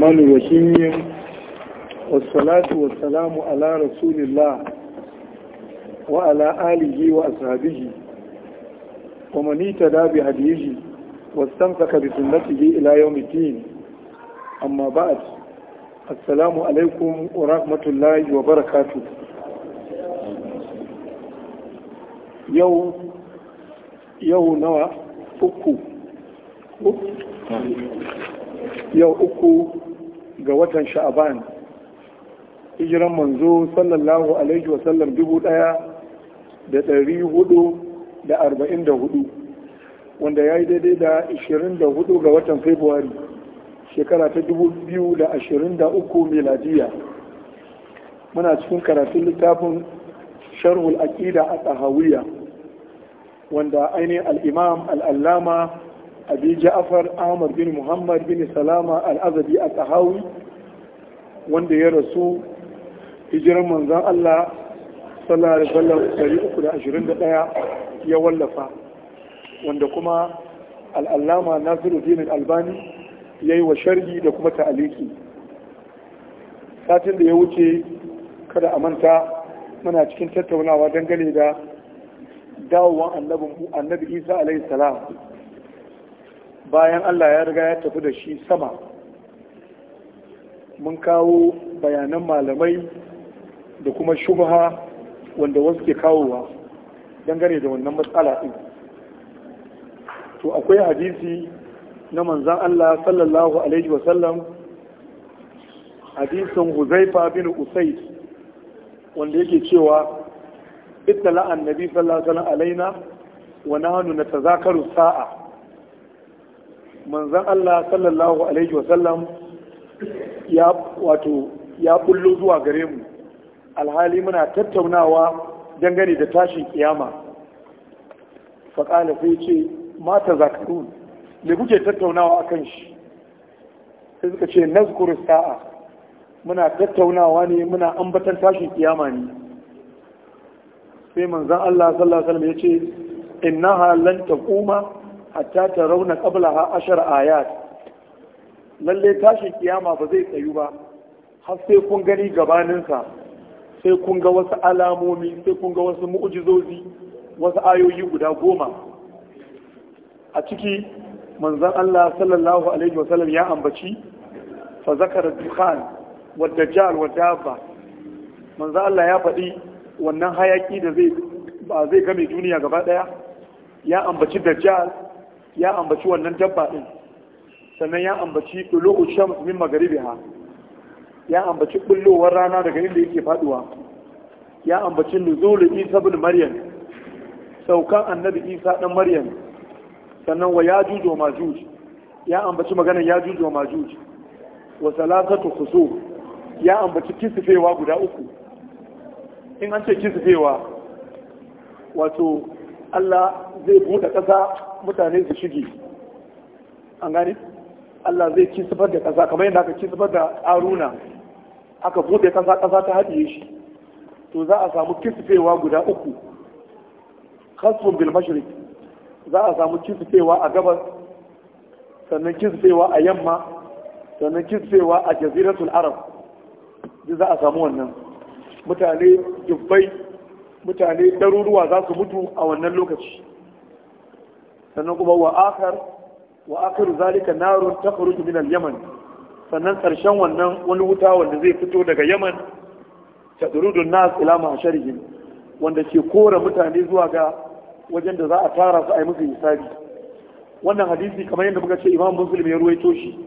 mani wa shinyin wasalatu wasalamu ala rasulillah wa ala alihi wa ashabihi wa manita da bi hadiji yi bi sunnatihi ila yawmitin amma ba'd assalamu alaikum wa rahmatullahi wa barakatu. yau nawa uku yau uku ga watan sha'aban hijiran manzo sallallahu alaihi wasallam dubu daya da dari hudu da arba'in da hudu wanda ya yi daidai da ishirin da hudu ga watan februari shekara ta dubu biyu da ashirin da uku miladiya muna cikin karatun littafin sharhul aqida a tsahawiyya wanda ainihin al'imam al'allama abi ja'far ahmad bin muhammad bin salama al-azadi al-tahawi wanda ya rasu hijiran manzon Allah sallallahu alaihi wasallam 321 ya wallafa wanda kuma al-allama Nasiruddin al-Albani yayi wa sharhi da kuma ta'aliki satin da ya wuce kada a manta muna cikin tattaunawa dangane da dawowan annabi Isa alaihi salam bayan Allah ya riga ya tafi da shi sama mun kawo bayanan malamai da kuma shubha wanda wasu ke kawowa dangane da wannan matsala ɗin to akwai hadisi na manzan Allah sallallahu alaihi wasallam hadisin huzaifa bin usaid wanda yake cewa ittala annabi sallallahu alaihi alaina wa nahnu natazakaru sa'a manzan Allah sallallahu alaihi wasallam ya wato ya bullo zuwa gare mu alhali muna tattaunawa dangane da tashin kiyama faƙala sai ce mata zakarun da kuke tattaunawa a kan shi sai suka ce nazkuru sa'a muna tattaunawa ne muna ambatan tashin kiyama ne sai manzan Allah sallallahu alaihi wasallam ya ce innaha lan taquma hatta ta rauna qablaha ashar ayat lalle tashin kiyama ba zai tsayu ba har sai kun gani gabaninsa sai kun ga wasu alamomi sai kun ga wasu mu'ujizozi wasu ayoyi guda goma a ciki manzan Allah sallallahu alaihi wasallam ya ambaci fa zakara dukhan wa dajjal wa dabba manzan Allah ya faɗi wannan hayaki da zai ba zai game duniya gaba daya ya ambaci dajjal ya ambaci wannan dabba din sannan ya ambaci tulu'u shams min ha ya ambaci bullowar rana daga inda yake faduwa ya ambaci nuzul isa ibn maryam saukan annabi isa dan maryam sannan wa yajuj wa majuj ya ambaci maganar yajuj wa majuj wa salatatu khusuf ya ambaci kisfewa guda uku in an ce kisfewa wato Allah zai buɗe ƙasa mutane su shige an gane Allah zai ci sifar da ƙasa kamar yadda aka ci sifar da aruna aka buɗe ƙasa ƙasa ta haɗiye shi to za a samu kisfewa guda uku kasfun bil mashriq za a samu kisfewa a gabas sannan kisfewa a yamma sannan kisfewa a jaziratul arab za a samu wannan mutane dubbai mutane ɗaruruwa za su mutu a wannan lokaci sannan kuma wa akar wa akar zalika narun faru min al-yaman sannan ƙarshen wannan wani wuta wanda zai fito daga yaman ta durudun nas ila ma'asharihim wanda ke kora mutane zuwa ga wajen da za a tara su a yi musu hisabi wannan hadisi kamar yadda muka ce imam muslim ya ruwaito shi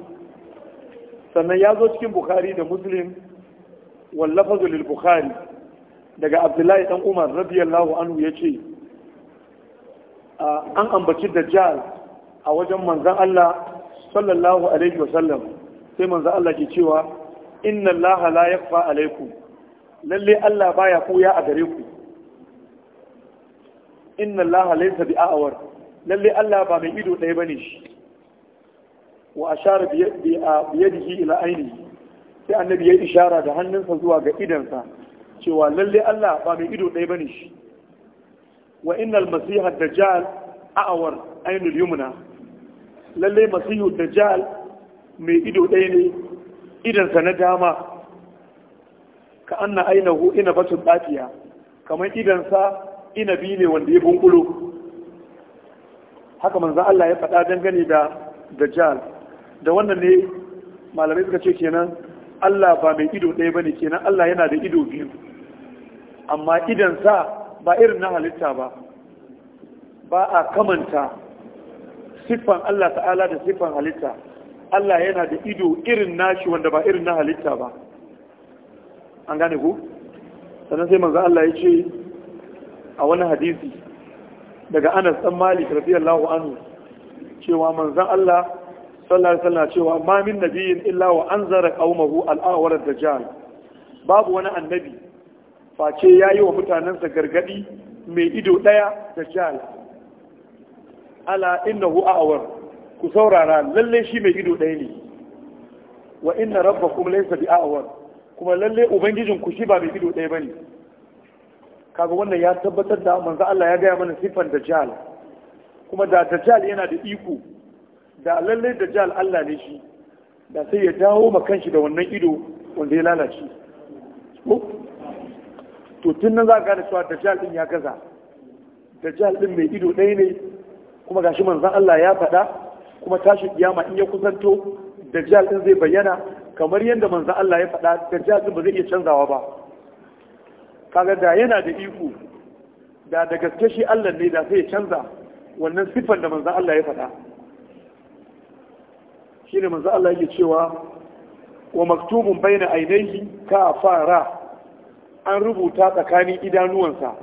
sannan ya zo cikin bukhari da muslim wallafa zulil bukhari daga abdullahi dan umar radiyallahu anhu ya ce an ambaci dajjal a wajen manzan Allah sallallahu alaihi wasallam sai manzan Allah ke cewa inna allaha la yakfa alaikum lalle Allah baya koya a gare ku inna allaha laysa bi a'war lalle Allah ba mai ido ɗaya bane shi wa ashara bi yadihi ila ainihi sai annabi ya ishara da hannunsa zuwa ga idansa cewa lalle Allah ba mai ido ɗaya bane shi wa innal masiha dajjal a'awar ainul yumna lalle masihu dajjal mai ido ɗaya ne sa na dama ka anna ainahu ina batun ɗafiya kamar ina inabi ne wanda ya bunkulo haka manzan Allah ya faɗa dangane da dajjal da wannan ne malamai suka ce kenan Allah ba mai ido ɗaya bane kenan Allah yana da ido biyu amma idansa ba irin na halitta ba ba a kamanta siffan Allah ta'ala da siffan halitta Allah yana da ido irin nashi wanda ba irin na halitta ba an gane ku sannan sai manzo Allah ya ce a wani hadisi daga Anas dan Malik radiyallahu anhu cewa manzo Allah sallallahu alaihi wasallam cewa ma min nabiyyin illa wa anzara qaumahu al da dajjal babu wani annabi face ya yi wa mutanensa gargadi mai ido ɗaya da jihar ala hu! a'awar ku saurara lalle shi mai ido ɗaya ne wa inna kuma laisa bi a'awar kuma lalle ubangijin ku shi ba mai ido ɗaya bane kaga wannan ya tabbatar da manzo Allah ya gaya mana sifan jihar. kuma da dajjal yana da iko da lalle dajjal Allah ne shi da sai ya dawo ma kanshi da wannan ido wanda ya lalace to tun nan za ka gane cewa jihar din ya gaza dajjal din mai ido ɗaya ne kuma gashi manzon Allah ya faɗa kuma tashi kiyama in ya kusanto da dajjal din zai bayyana kamar yadda manzon Allah ya faɗa da dajjal din ba zai iya canzawa ba kaga da yana da iko da da gaske shi Allah ne da sai ya canza wannan sifar da manzon Allah ya faɗa shine manzon Allah yake cewa wa maktubun bayna ainihi ka fara an rubuta tsakanin idanuwansa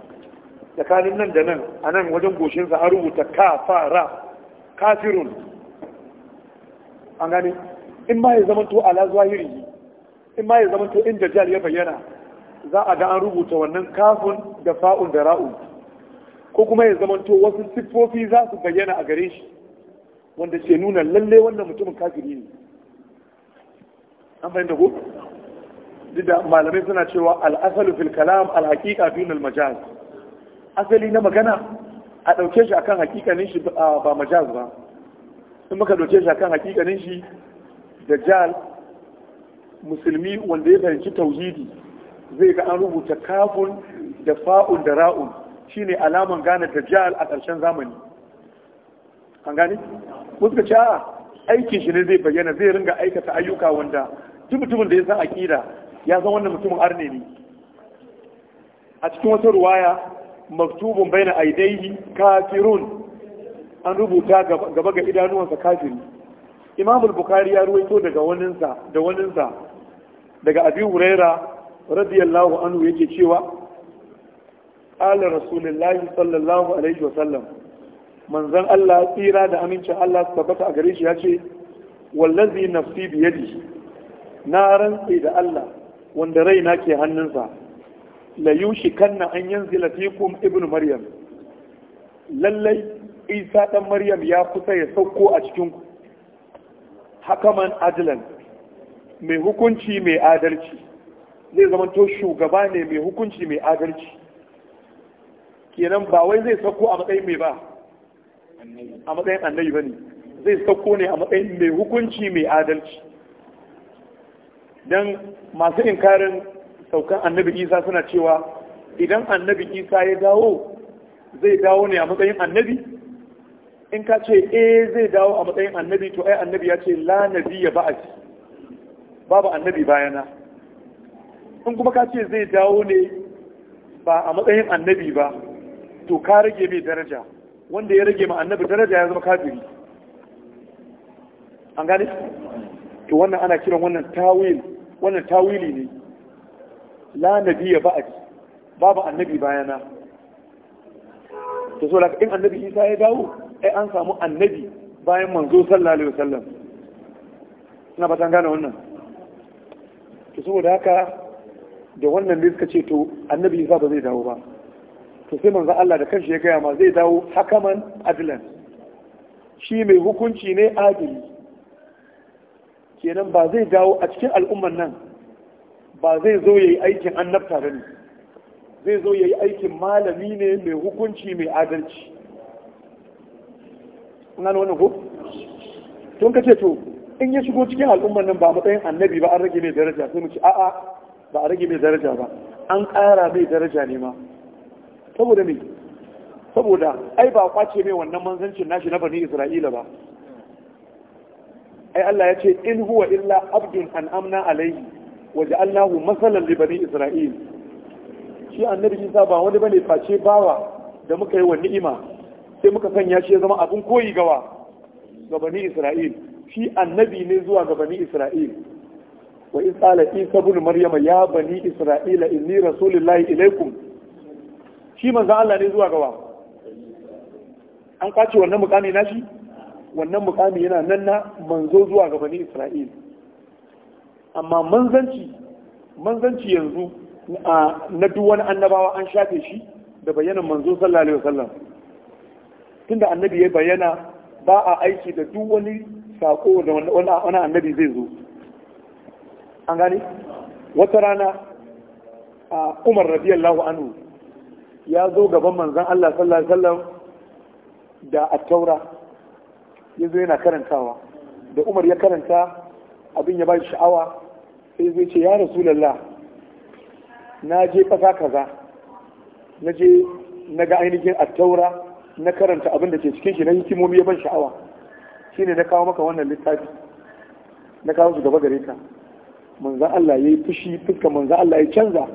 tsakanin nan da nan a nan wajen goshinsa an rubuta kafara kafirun an gani in ma ya zamanto ala zahiri in ma ya zamanto inda dajjal ya bayyana za a ga an rubuta wannan kafin da fa'un da ra'u ko kuma ya zamanto wasu siffofi za su bayyana a gare shi wanda ke nuna lalle wannan mutumin kafiri ne an fahimta ku da malamai suna cewa al'asalu fil kalam al-haqiqa al-majaz asali na magana a dauke shi akan hakikanin shi ba majaz ba in muka dauke shi akan hakikanin shi dajjal musulmi wanda ya fahimci tauhidi zai ga an rubuta kafun da fa'un da ra'un shine alaman gane dajjal a ƙarshen zamani an gane muka ce aikin shi ne zai bayyana zai ringa aikata ayyuka wanda duk da ya san aƙida ya san wannan mutumin arne ne a cikin wata ruwaya maktubun baina aidaihi kafirun an rubuta gaba ga idanuwansa kafiri imam al-bukhari ya ruwaito daga waninsa da waninsa daga abi huraira radiyallahu anhu yake cewa qala rasulullahi sallallahu alaihi wasallam manzon Allah tsira da amincin Allah tabbata a gare shi ya ce wallazi nafsi biyadi na rantsi da Allah wanda raina ke hannunsa la na an yanzu fikum Ibn maryam lallai isa dan maryam ya kusa ya sauko a cikin ku hakaman adlan mai hukunci mai adalci zai zama to shugaba ne mai hukunci mai adalci kenan ba wai zai sauko a matsayin mai ba a matsayin annabi bane zai sauko ne a matsayin mai hukunci mai adalci don masu inkarin saukan annabi isa suna cewa idan annabi isa ya dawo zai dawo ne a matsayin annabi in ka ce eh zai dawo a matsayin annabi to ai annabi ya ce la a ba'ati babu annabi bayana in kuma ka ce zai dawo ne ba a matsayin annabi ba to ka rage mai daraja wanda ya rage ma annabi daraja ya zama kafiri an gane to wannan ana kiran wannan tawil wannan tawili ne la nabiyya ba'di babu annabi bayana to so in annabi Isa ya dawo ai an samu annabi bayan manzo sallallahu alaihi wasallam ina ba gane wannan to saboda haka da wannan ne suka ce to annabi Isa ba zai dawo ba to sai manzo Allah da kanshi ya gaya ma zai dawo hakaman adlan shi mai hukunci ne adili kenan ba zai dawo a cikin al'umman nan ba zai zo ya yi aikin annabta ba ne zai zo ya yi aikin malami ne mai hukunci mai adalci nan wani ko tun ka ce to in ya shigo cikin al'umman nan ba matsayin annabi ba an rage mai daraja sai mu ci a'a ba a rage mai daraja ba an ƙara mai daraja ne ma saboda me saboda ai ba kwace mai wannan manzancin nashi na bani isra'ila ba ai Allah ya ce in huwa illa abdun amna alaihi wa ja'alnahu masalan li bani isra'il shi annabi Isa ba wani bane face bawa da muka yi wa ni'ima sai muka sanya shi ya zama abin koyi gawa ga bani Isra'il shi annabi ne zuwa ga bani Isra'il wa in qala Isa ibn Maryama ya bani Isra'ila inni rasulullahi ilaikum shi manzo Allah ne zuwa gawa an kwace wannan mukami na shi wannan mukami yana nan na manzo zuwa ga bani isra'il amma manzanci manzanci yanzu na duk wani annabawa an shafe shi da bayanan manzo sallallahu alaihi wasallam tunda annabi ya bayyana ba a aiki da duk wani sako da wani annabi zai zo an gane wata rana a umar radiyallahu anhu ya zo gaban manzan Allah sallallahu alaihi wasallam da attaura ya zo yana karantawa da umar ya karanta abin ya bai sha'awa sai zai ce ya rasulallah na je fasa kaza na je na ga ainihin attaura na karanta abin da ke cikin shi na hikimomi ya ban sha'awa shine na kawo maka wannan littafi na kawo su gaba gare ka manzan Allah ya yi fushi fuska manzan Allah ya canza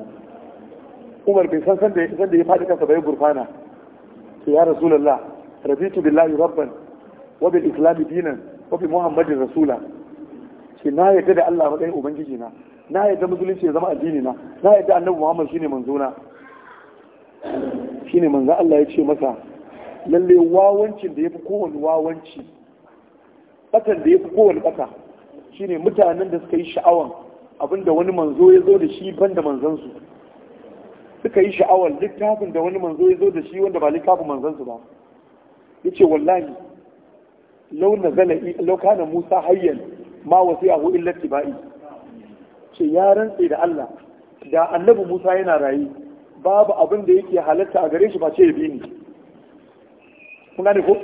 umar bai san sanda ya faɗi kansa bai gurfana to ya rasulallah rabitu billahi rabban wa bil islam dinan wa bi muhammadin rasula ce na yadda da Allah matsayin ubangiji na na yadda musulunci ya zama addini na na yadda annabi muhammad shine manzo na shine manzo Allah ya ce masa lalle wawancin da yafi kowanne wawanci bakan da yafi kowanne baka shine mutanen da suka yi sha'awan abinda wani manzo ya zo da shi banda manzansu suka yi sha'awan. littafin da wani manzo ya zo da shi wanda ba littafin manzansu ba yace wallahi لو نزل لو كان Musa حيا ma وصيه الا tibai شي ya rantse da Allah da annabi Musa yana rayi babu abin da yake halatta a gare shi ba ce ya bi ni kun ne ko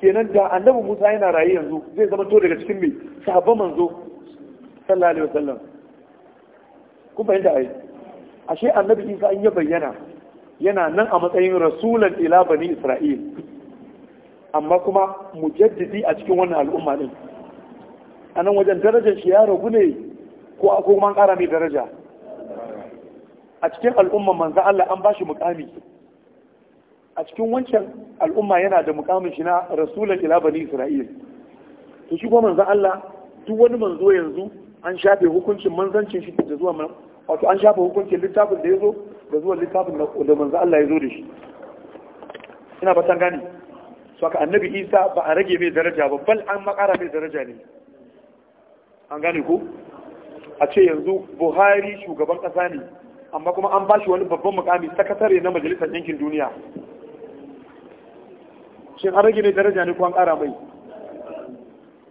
kenan da annabi Musa yana rayi yanzu zai zama to daga cikin mai sahabban manzo sallallahu alaihi wasallam kun fahimta ai ashe annabi Isa an ya bayyana yana nan a matsayin rasulan ila bani Isra'il amma kuma mujaddidi a cikin wannan al'umma din a nan wajen darajar shi ya ragu ne ko a kuma ƙara mai daraja a cikin al'umman manzo Allah an bashi mukami a cikin wancan al'umma yana da mukamin shi na rasulun ila bani isra'il to shi kuma manzo Allah duk wani manzo yanzu an shafe hukuncin manzancin shi da zuwa wato an shafe hukuncin littafin da ya zo da zuwa littafin da manzo Allah ya zo da shi ina fatan gani saka annabi isa ba a rage mai daraja ba bal an makara mai daraja ne an gane ko a ce yanzu buhari shugaban kasa ne amma kuma an ba shi wani babban mukami sakatare na majalisar yankin duniya shin an rage mai daraja ne ko an kara mai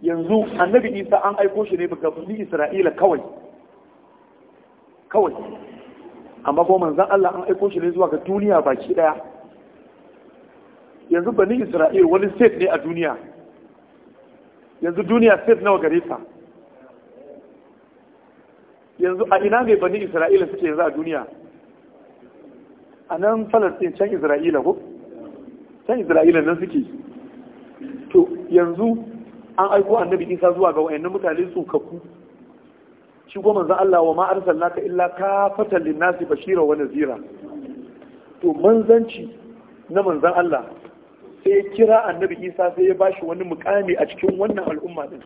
yanzu annabi isa an aiko shi ne ga birnin isra'ila kawai kawai amma kuma manzan allah an aiko shi ne zuwa ga duniya baki daya yanzu bani isra'il wani state ne a duniya yanzu duniya state nawa gare ta yanzu a ina ne bani isra'ila suke yanzu a duniya a nan falastin can isra'ila ko can isra'ila nan suke to yanzu an aiko annabi isa zuwa ga wayannan mutane kaku. shi goma manzon Allah wa ma arsalnaka illa kafatan linnasi bashira wa nazira to manzanci na manzan Allah sai kira annabi isa sai ya bashi wani mukami a cikin wannan al'umma din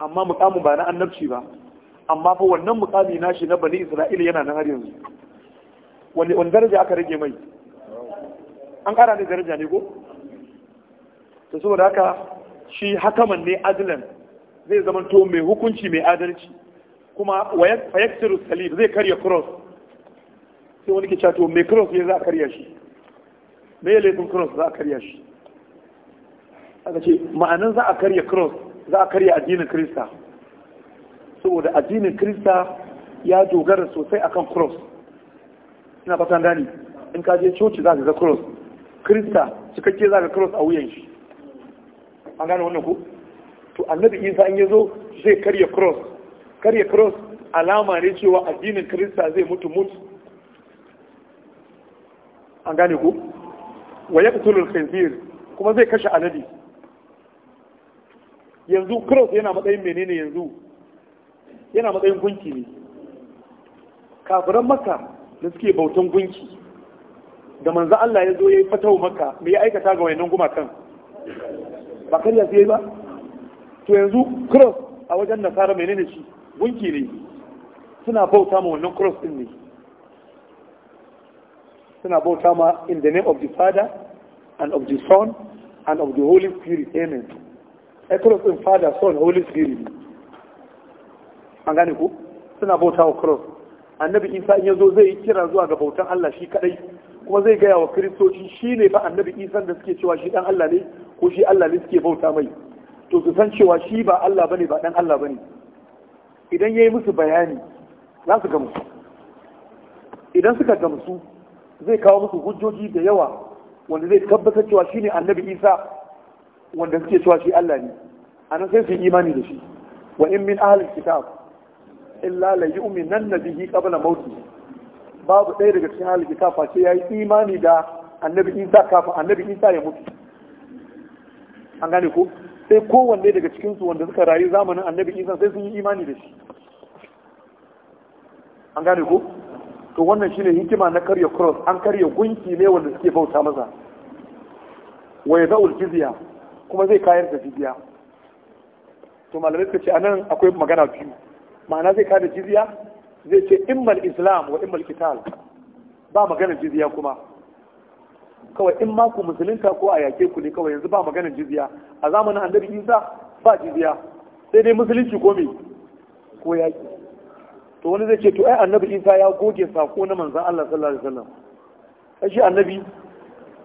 amma mukamin ba na annabci ba amma fa wannan mukami nashi na bani isra'ila yana nan har yanzu wani daraja aka rage mai an kara ne daraja ne ko to saboda haka shi hakaman ne adlan zai zama to mai hukunci mai adalci kuma wayaktiru salib zai karya cross sai wani ke cewa mai cross ne za a karya shi me ya laifin cross za a karya shi aka ce ma'anin za a karya cross za a karya addinin krista saboda addinin krista ya dogara sosai akan cross ina fatan gani in ka je coci za ka ga cross krista cikakke za ka cross a wuyan shi an gane wannan ku to annabi isa in yazo zo zai karya cross karya cross alama ne cewa addinin krista zai mutu mutu an gane ku wa yaqtulul khinzir kuma zai kashe alade yanzu cross yana matsayin menene yanzu yana matsayin gunki ne kafiran maka da suke bautan gunki da manzo Allah ya zo ya yi fatau maka me ya aikata ga wayannan gumakan ba ya yi ba to yanzu cross a wajen nasara menene shi gunki ne suna bauta ma wannan cross din ne suna bauta ma in the name of the father and of the son and of the holy spirit amen ai cross din father son holy spirit an gane ku suna bauta wa cross annabi isa in yazo zai kira zuwa ga bautan Allah shi kadai kuma zai gaya wa kiristoci shi ne ba annabi isa da suke cewa shi dan Allah ne ko shi Allah ne suke bauta mai to su san cewa shi ba Allah bane ba dan Allah bane idan yayi musu bayani za su gamsu idan suka gamsu zai kawo musu hujjoji da yawa wanda zai tabbatar cewa shi ne annabi isa wanda suke cewa shi allah ne a nan sai su yi imani da shi wa in min ahalin kitab illa la yu'minan nabihi qabla mauti babu ɗaya daga cikin ahalin kitab sai yayi imani da annabi isa kafin annabi isa ya mutu an gane ko sai kowanne daga cikinsu wanda suka rayu zamanin annabi isa sai sun yi imani da shi an gane ko to wannan shine hikima na karya cross an karya gunki ne wanda suke bauta masa wa yadul jizya kuma zai kayar da jizya to malamai suka ce anan akwai magana biyu ma'ana zai kayar da jizya zai ce immal islam wa immal qital ba magana jizya kuma kawai in ma ku musulunta ko a yake ku ne kawai yanzu ba magana jizya a zamanin annabi Isa ba jizya sai dai musulunci ko me ko yaki to wani zai ce to ai annabi isa ya goge sako na manzan allah sallallahu alaihi wasallam shi annabi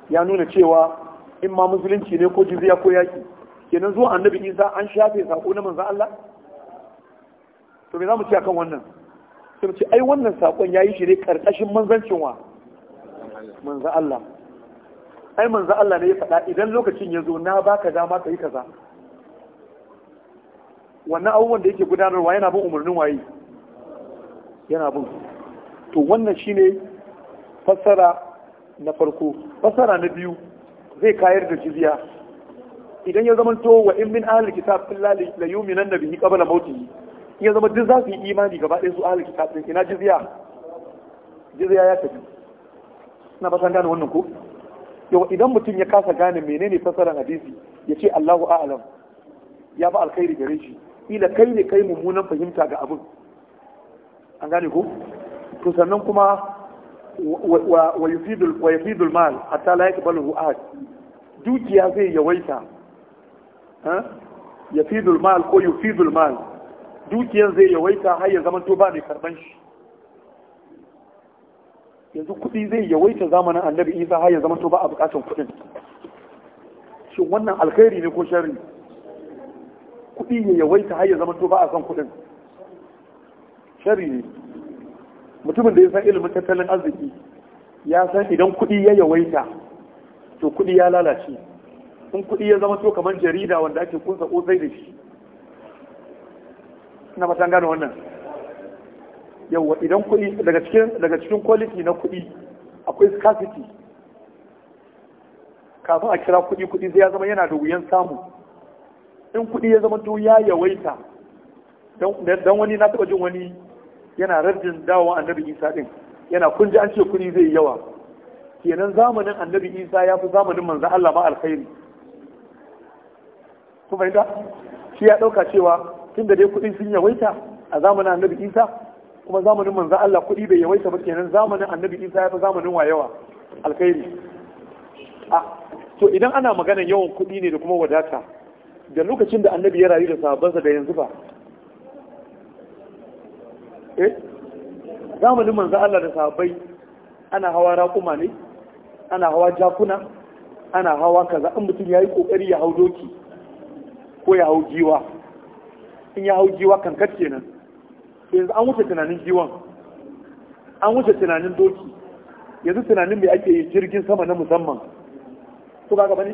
ya nuna cewa in ma musulunci ne ko jizya ko yaki kenan zuwa annabi isa an shafe sako na manzan allah to me za mu ci akan wannan sai mu ce ai wannan sakon yayi shi ne karkashin manzancin wa manzan allah ai manzan allah ne ya faɗa idan lokacin ya zo na baka dama ka yi kaza wannan abubuwan da yake gudanarwa yana bin umarnin waye yana bin to wannan shine fassara na farko fassara na biyu zai kayar da jizya idan ya zamanto wa in min ahli kitab illa la biyu bihi qabla mautihi ya zama duk za su yi imani gaba ɗaya su ahli kitab din ina jizya jizya ya tafi na fasan gane wannan ko yau idan mutum ya kasa gane menene fasaran hadisi ya ce Allahu a'lam ya ba alkhairi gare shi ila kai ne kai mummunan fahimta ga abin an gane ku? to sannan kuma wa yufidul mal hatta la yakbalu ahad dukiya zai yawaita eh? yafidul mal ko yufidul mal dukiyan zai yawaita har ya zama to ba mai karban shi yanzu kuɗi zai yawaita zamanin annabi isa har ya zama to ba a bukatan kuɗin shin wannan alkhairi ne ko sharri kuɗi ya yawaita har ya zama to ba a san kuɗin shari ne mutumin da ya san ilimin tattalin arziki ya san idan kuɗi ya yawaita to kuɗi ya lalace in kuɗi ya zama to kamar jarida wanda ake kunsa kosai da shi na matan gane wannan yawa idan kuɗi daga cikin daga cikin quality na kuɗi akwai scarcity kafin a kira kuɗi kuɗi sai ya zama yana da wuyan samu in kuɗi ya zama to ya yawaita don wani na taɓa jin wani yana rajin dawowa annabi isa din yana kun ji an ce kuri zai yawa kenan zamanin annabi isa ya fi zamanin manzan allah ma alkhairi kun fahimta shi ya ɗauka cewa tun da dai kuɗi sun yawaita a zamanin annabi isa kuma zamanin manzan allah kuɗi bai yawaita ba kenan zamanin annabi isa ya fi zamanin wa yawa alkhairi a to idan ana maganar yawan kuɗi ne da kuma wadata da lokacin da annabi ya rayu da sahabbansa da yanzu ba eh zamanin manzan Allah da sahabbai ana hawa raƙuma ne ana hawa jakuna ana hawa kaza in mutum yi kokari ya hau doki ko ya hau giwa in ya hau giwa kankat kenan yanzu an wuce tunanin jiwon, an wuce tunanin doki yanzu tunanin mai ake yi jirgin sama na musamman su ga gaba ne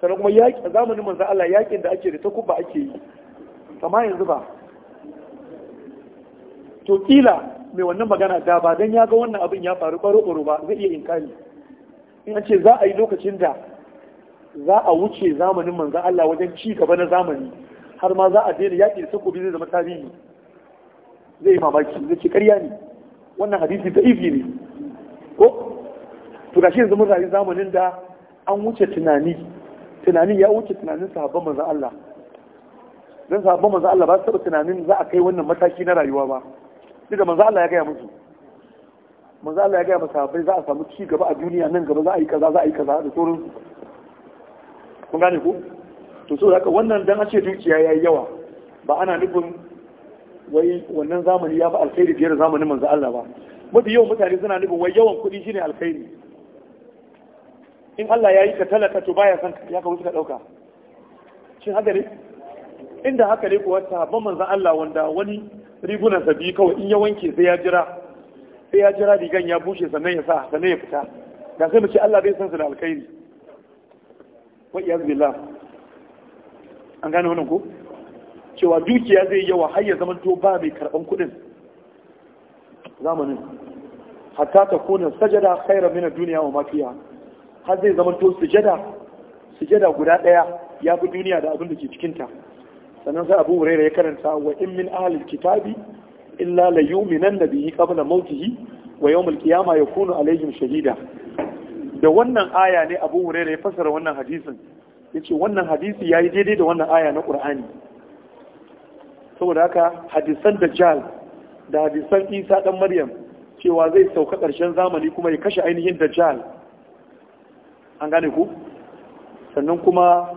sannan kuma yaƙi zamanin manzan Allah yaƙin da ake da takuba ake yi kama yanzu ba to kila mai wannan magana da ba don ya ga wannan abin ya faru baro ba zai iya inkari in an ce za a yi lokacin da za a wuce zamanin manzan Allah wajen ci gaba na zamani har ma za a daina yaƙi da takobi zai zama tarihi zai yi mamaki zai ce karya ne wannan hadisi da ifi ne ko to gashi yanzu mun rayu zamanin da an wuce tunani tunani ya wuce tunanin sahabban manzan Allah dan sahabban manzan Allah ba su taɓa tunanin za a kai wannan mataki na rayuwa ba duka manzo Allah ya gaya musu manzo Allah ya gaya musu sabai za a samu ci gaba a duniya nan gaba za a yi kaza za a yi kaza da sauran kun gane ko to so haka wannan dan a ce dukiya yayi yawa ba ana nufin wai wannan zamani ya fi alkhairi fiye da zamanin manzo Allah ba mafi yawan mutane suna nufin wai yawan kuɗi shine alkhairi in Allah ya yi ka talaka to baya san ya ka wuce ka ɗauka shin haka ne inda haka ne kuwa sahabban manzo Allah wanda wani rigunan sa biyu kawai in ya wanke sai ya jira sai ya jira rigan ya bushe sannan ya sa sannan ya fita ga sai mace Allah bai san su da alkhairi wa iyaz billah an gane wannan ko cewa dukiya zai yawa har ya zama to ba mai karban kuɗin zamanin hatta ta kuna sajada khairan min ad-dunya wa ma har zai zama to sujada sujada guda daya ya fi duniya da abin da ke cikinta sannan sai abu huraira ya karanta wa in min ahlil kitabi illa la yu'minan nabiyyi qabla mautihi wa yawmal qiyama yakunu alaihim shahida da wannan aya ne abu da ya fassara wannan hadisin yace wannan hadisi yi daidai da wannan aya na qur'ani saboda haka hadisan dajjal da hadisan isa dan maryam cewa zai sauka ƙarshen zamani kuma ya kashe ainihin dajjal an gane ku sannan kuma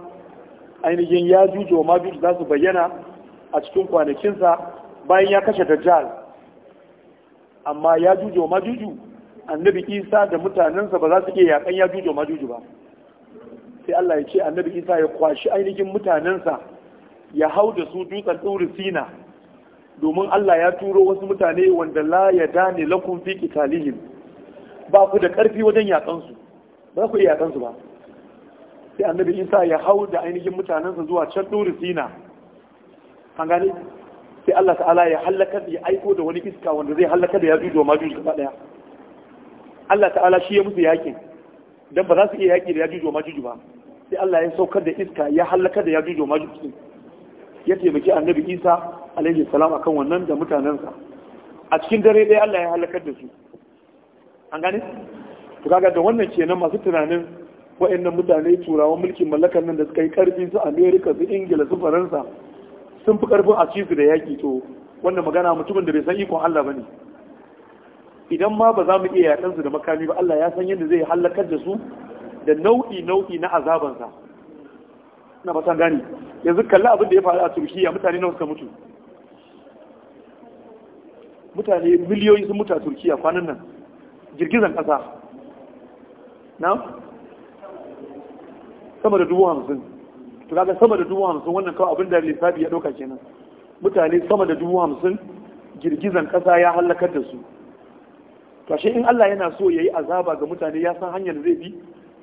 ainihin ya juje wa majuj za su bayyana a cikin kwanakinsa bayan ya kashe dajjal amma ya juje wa majuju annabi isa da mutanensa ba za su iya yakan ya juje wa majuju ba sai Allah ya ce annabi isa ya kwashi ainihin mutanensa ya hau da su dutsen tsuri sina domin Allah ya turo wasu mutane wanda la ya dane lakun fi qitalihim ba ku da ƙarfi wajen yakansu ba ku iya yakansu ba sai annabi isa ya hau da ainihin mutanensa zuwa can ɗori sina an gane sai allah ta'ala ya hallakar da ya aiko da wani iska wanda zai hallakar da ya zuwa ma juju gaba ɗaya allah ta'ala shi ya musu yakin don ba za su iya yaki da ya zuwa ma juju ba sai allah ya saukar da iska ya hallakar da ya zuwa ma juju ya taimaki annabi isa alaihi salam akan wannan da mutanensa a cikin dare ɗaya allah ya hallakar da su an gane to kaga da wannan kenan masu tunanin wa'annan mutane turawan mulkin mallakar nan da suka yi karfi su amerika su ingila su faransa sun fi karfin a cikin da yaƙi to wannan magana mutumin da bai san ikon allah ba ne idan ma ba za mu iya yaƙan su da makami ba allah ya san yadda zai halakar da su da nau'i nau'i na azabansa na ba gani yanzu kalli abin da ya faru a turkiya mutane nawa suka mutu mutane miliyoyi sun mutu a turkiya kwanan nan girgizan ƙasa na sama da dubu hamsin to kaga sama da dubu hamsin wannan kawai abin da lissafi ya ɗauka kenan mutane sama da dubu hamsin girgizan ƙasa ya halakar da su to shi in Allah yana so ya yi azaba ga mutane ya san hanyar zai bi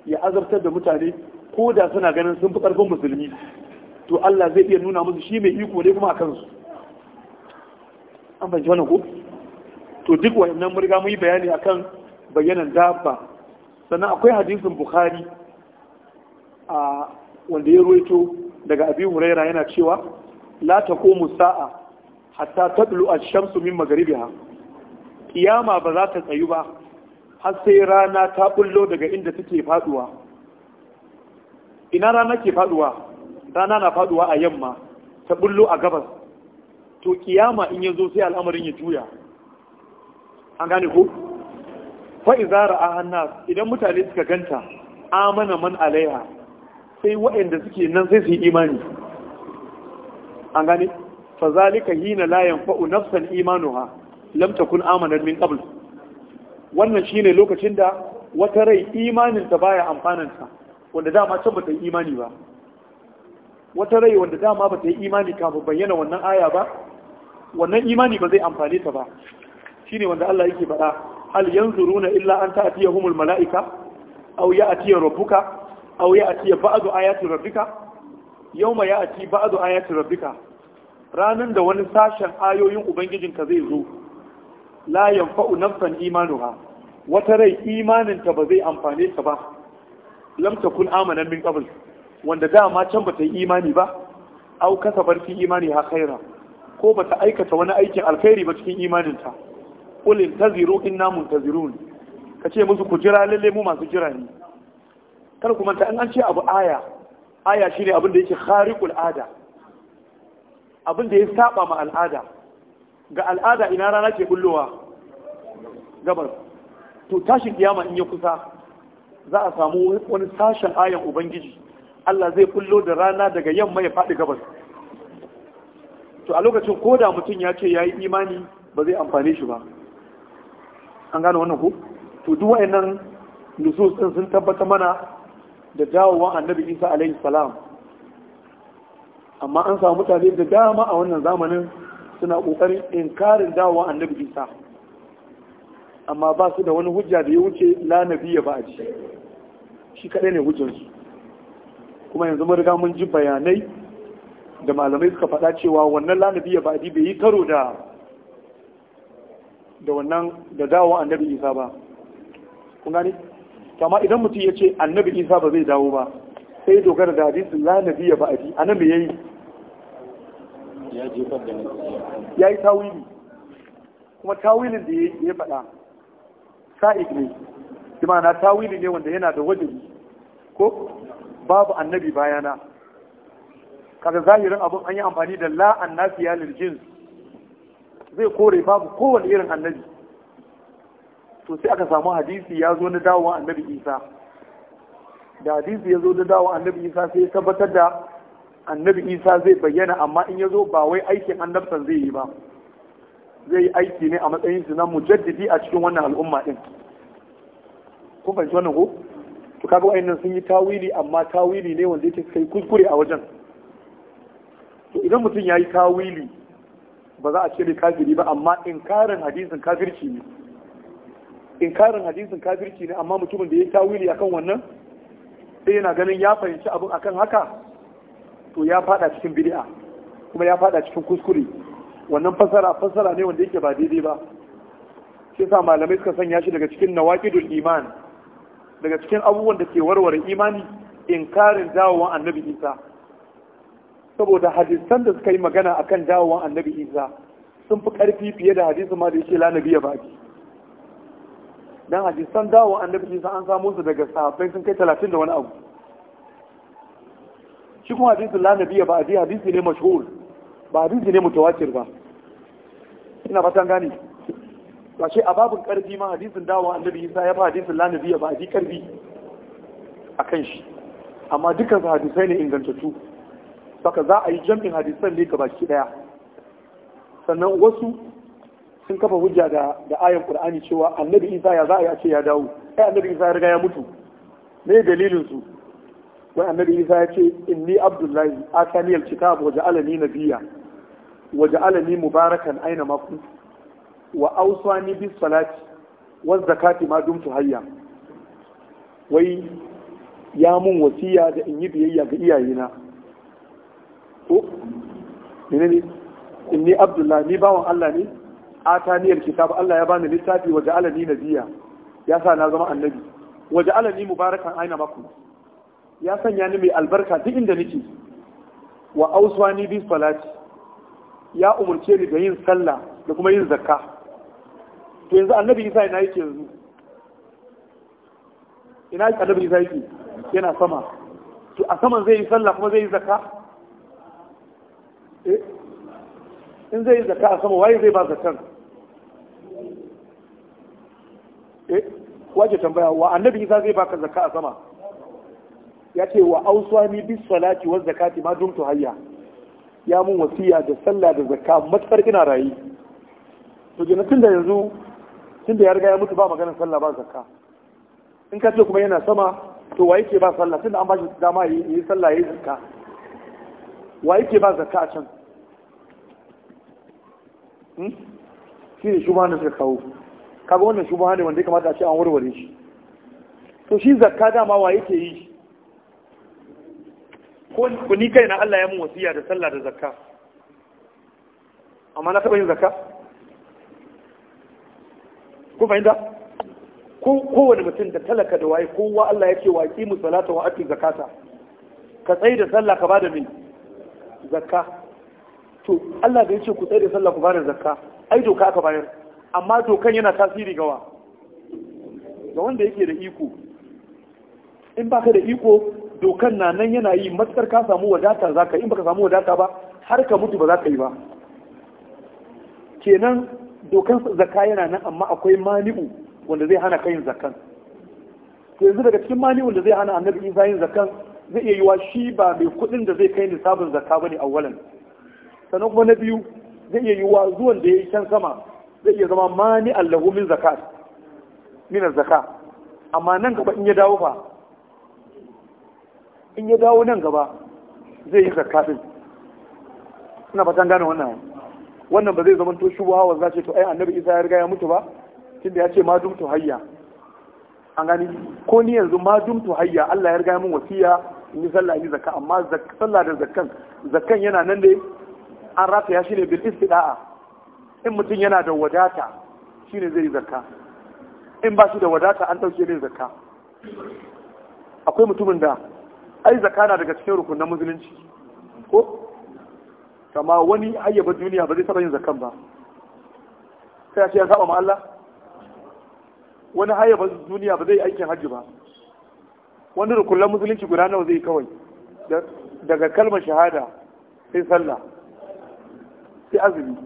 ya azabtar da mutane ko da suna ganin sun fi ƙarfin musulmi to Allah zai iya nuna musu shi mai iko ne kuma a kansu an fahimci wannan ko to duk wannan nan murga mun yi bayani akan bayanan dabba sannan akwai hadisin bukhari a wanda ya ruwaito daga abi huraira yana cewa la taqumu sa'a hatta tadlu ash-shamsu min magharibiha kiyama ba za ta tsayu ba har sai rana ta bullo daga inda take faduwa ina rana ke faduwa rana na faduwa a yamma ta bullo a gabas to kiyama in yazo sai al'amarin ya juya an gane ko fa idza ra'a idan mutane suka ganta amana man alaiha sai waɗanda suke nan sai su yi imani an gane fa zalika hina la yanfa'u nafsan imanuha lam takun amanat min qabl wannan shine lokacin da wata rai imanin ta baya amfanan ta wanda dama can bata yi imani ba wata rai wanda dama bata yi imani kafin bayyana wannan aya ba wannan imani ba zai amfane ta ba shine wanda Allah yake faɗa hal yanzuruna illa an ta'tiyahumul mala'ika aw ya'tiya rabbuka aw ya ati ba'du ayati rabbika yawma ya ati ba'du ayati rabbika ranan da wani sashen ayoyin ubangijinka zai zo la yanfa'u nafsan imanuha wata rai imaninta ba zai amfane ta ba lam takun amanan min qabl wanda dama can bata yi imani ba au kasabar fi imani ha khaira ko bata aikata wani aikin alkhairi ba cikin imaninta qul intaziru inna muntazirun kace musu ku jira lalle mu masu jira ne kar kuma manta an ce abu aya aya shine abin da yake khariqul ada abin da ya saba ma al'ada ga al'ada ina rana ke bullowa gabar to tashin kiyama in ya kusa za a samu wani sashen ayan ubangiji Allah zai bullo da rana daga yamma ya fadi gabar. to a lokacin ko da mutum ya ce ya imani ba zai amfane shi ba an gane wannan ku to duk wayannan nusus din sun tabbata mana da dawowa annabi isa alaihi salam amma an samu mutane da dama a wannan zamanin suna kokarin inkarin dawowa annabi isa amma ba su da wani hujja da ya wuce la nabiyya ba a shi kadai ne hujjansu kuma yanzu mun riga mun ji bayanai da malamai suka faɗa cewa wannan la nabiyya ba a ji bai yi karo da da wannan da dawowa annabi isa ba kun gane kama idan mutum ya ce annabi isa ba zai dawo ba sai dogara da hadisin la ya ba abi anan me yayi ya yi. ya yi tawili kuma tawilin da ya faɗa sa'id ne kuma na tawili ne wanda yana da wajibi ko babu annabi bayana kaga zahirin abin an yi amfani da la annafiya lil jins zai kore babu kowane irin annabi to sai aka samu hadisi ya zo na dawowa annabi isa da hadisi ya zo na dawowa annabi isa sai ya tabbatar da annabi isa zai bayyana amma in ya zo ba wai aikin annabtan zai yi ba zai yi aiki ne a matsayin su na mujaddidi a cikin wannan al'umma din kun fahimci wannan ko to kaga wayannan sun yi tawili amma tawili ne wanda yake kai kuskure a wajen to idan mutum ya yi tawili ba za a ce kafiri ba amma inkarin hadisin kafirci ne inkarin hadisin kafirci ne amma mutumin da ya tawili akan wannan sai yana ganin ya fahimci abin akan haka to ya fada cikin bid'a kuma ya fada cikin kuskure wannan fasara fasara ne wanda yake ba daidai ba shi yasa malamai suka sanya shi daga cikin nawaqidul iman daga cikin abubuwan da ke warware imani inkarin dawowan annabi Isa saboda hadisan da suka yi magana akan dawowan annabi Isa sun fi karfi fiye da hadisin ma da yake la nabiya baki dan hadisan dawo annabi sai an samu su daga sahabbai sun kai talatin da wani abu shi kuma hadisin la nabiyya ba hadisi hadisi ne mashhur ba hadisi ne mutawatir ba ina fatan gane ba shi a babin karfi ma hadisin dawo annabi Isa ya ba hadisin la nabiyya ba hadisi karfi akan shi amma dukkan su hadisai ne ingantattu saka za a yi jam'in hadisan ne ga baki daya sannan wasu sun kafa hujja da da ayan qur'ani cewa annabi isa ya za a yi ce ya dawo ai annabi isa ya riga ya mutu me dalilin su wai annabi isa ya ce inni abdullahi atani alkitab wa ja'alani nabiyya wa ja'alani mubarakan aina ma kuntu wa awsani bis salati zakati ma dumtu hayya wai ya mun wasiya da in yi biyayya ga iyayena ko ne inni abdullahi ni bawan Allah ne ataniyar kitab Allah ya bani littafi wa ja'alani nabiyya ya sa na zama annabi wa ja'alani mubarakan aina makum ya sanya ni mai albarka duk inda nake wa auswani bi salati ya umurce ni da yin sallah da kuma yin zakka to yanzu annabi Isa ina yake yanzu ina yake annabi Isa yake yana sama to a saman zai yi sallah kuma zai yi zakka in zai yi zakka a sama waye zai ba zakkan eh wace tambaya wa annabi isa zai baka zakka a sama ya ce wa auswani bis salati wa zakati ma dumtu hayya ya mun wasiya da sallah da zakka matsar ina rayi to gina tun da yanzu tun da ya riga ya mutu ba maganar sallah ba zakka in ka ce kuma yana sama to wa yake ba sallah tun da an ba shi dama yi sallah yi zakka wa yake ba zakka a can hmm? shi ne shi ma na kawo kaga wannan shubuha ne wanda ya kamata a ce an warware shi to shi zakka dama wa yake yi ko ni kai na Allah ya mun wasiya da sallah da zakka amma na taɓa yin zakka ku fahimta ko kowane mutum da talaka da waye kowa Allah ya ce wa aqimu salata wa atu zakata ka tsaye da sallah ka bada min zakka to Allah da ya ce ku tsaye da sallah ku bada zakka ai doka aka bayar amma dokan yana tasiri gawa ga wanda yake da iko in baka da iko dokan na nan yana yi matsar ka samu wadata za ka in baka samu wadata ba har ka mutu ba za ka yi ba kenan dokan zakka yana nan amma akwai mani'u wanda zai hana kayin zakkan yanzu daga cikin mani'u da zai hana annabi isa yin zakkan zai iya yiwa shi ba mai kuɗin da zai kai nisabin zakka bane awwalan sannan kuma na biyu zai iya yiwa zuwan da ya yi can sama zai iya zama mani allahu min zaka min zaka amma nan gaba in ya dawo fa in ya dawo nan gaba zai yi din ina fatan gane wannan wannan ba zai zama to shubha wa zace to ai annabi isa ya riga ya mutu ba tunda ya ce ma dumtu hayya an gani ko ni yanzu ma dumtu hayya Allah ya riga min wasiya in yi sallah in yi zakka amma sallah da zakkan zakkan yana nan dai an rataya shi ne bil istida'a in mutum yana da wadata shi ne zai yi zakka in ba shi da wadata an ɗauke ne zakka akwai mutumin da ai zakka na daga cikin na musulunci ko kama wani ayyaba duniya ba zai saba yin zakkan ba sai a ce ya saba ma Allah wani ayyaba duniya ba zai aikin hajji ba wani na musulunci guda nawa zai kawai daga kalmar shahada sai sallah sai azumi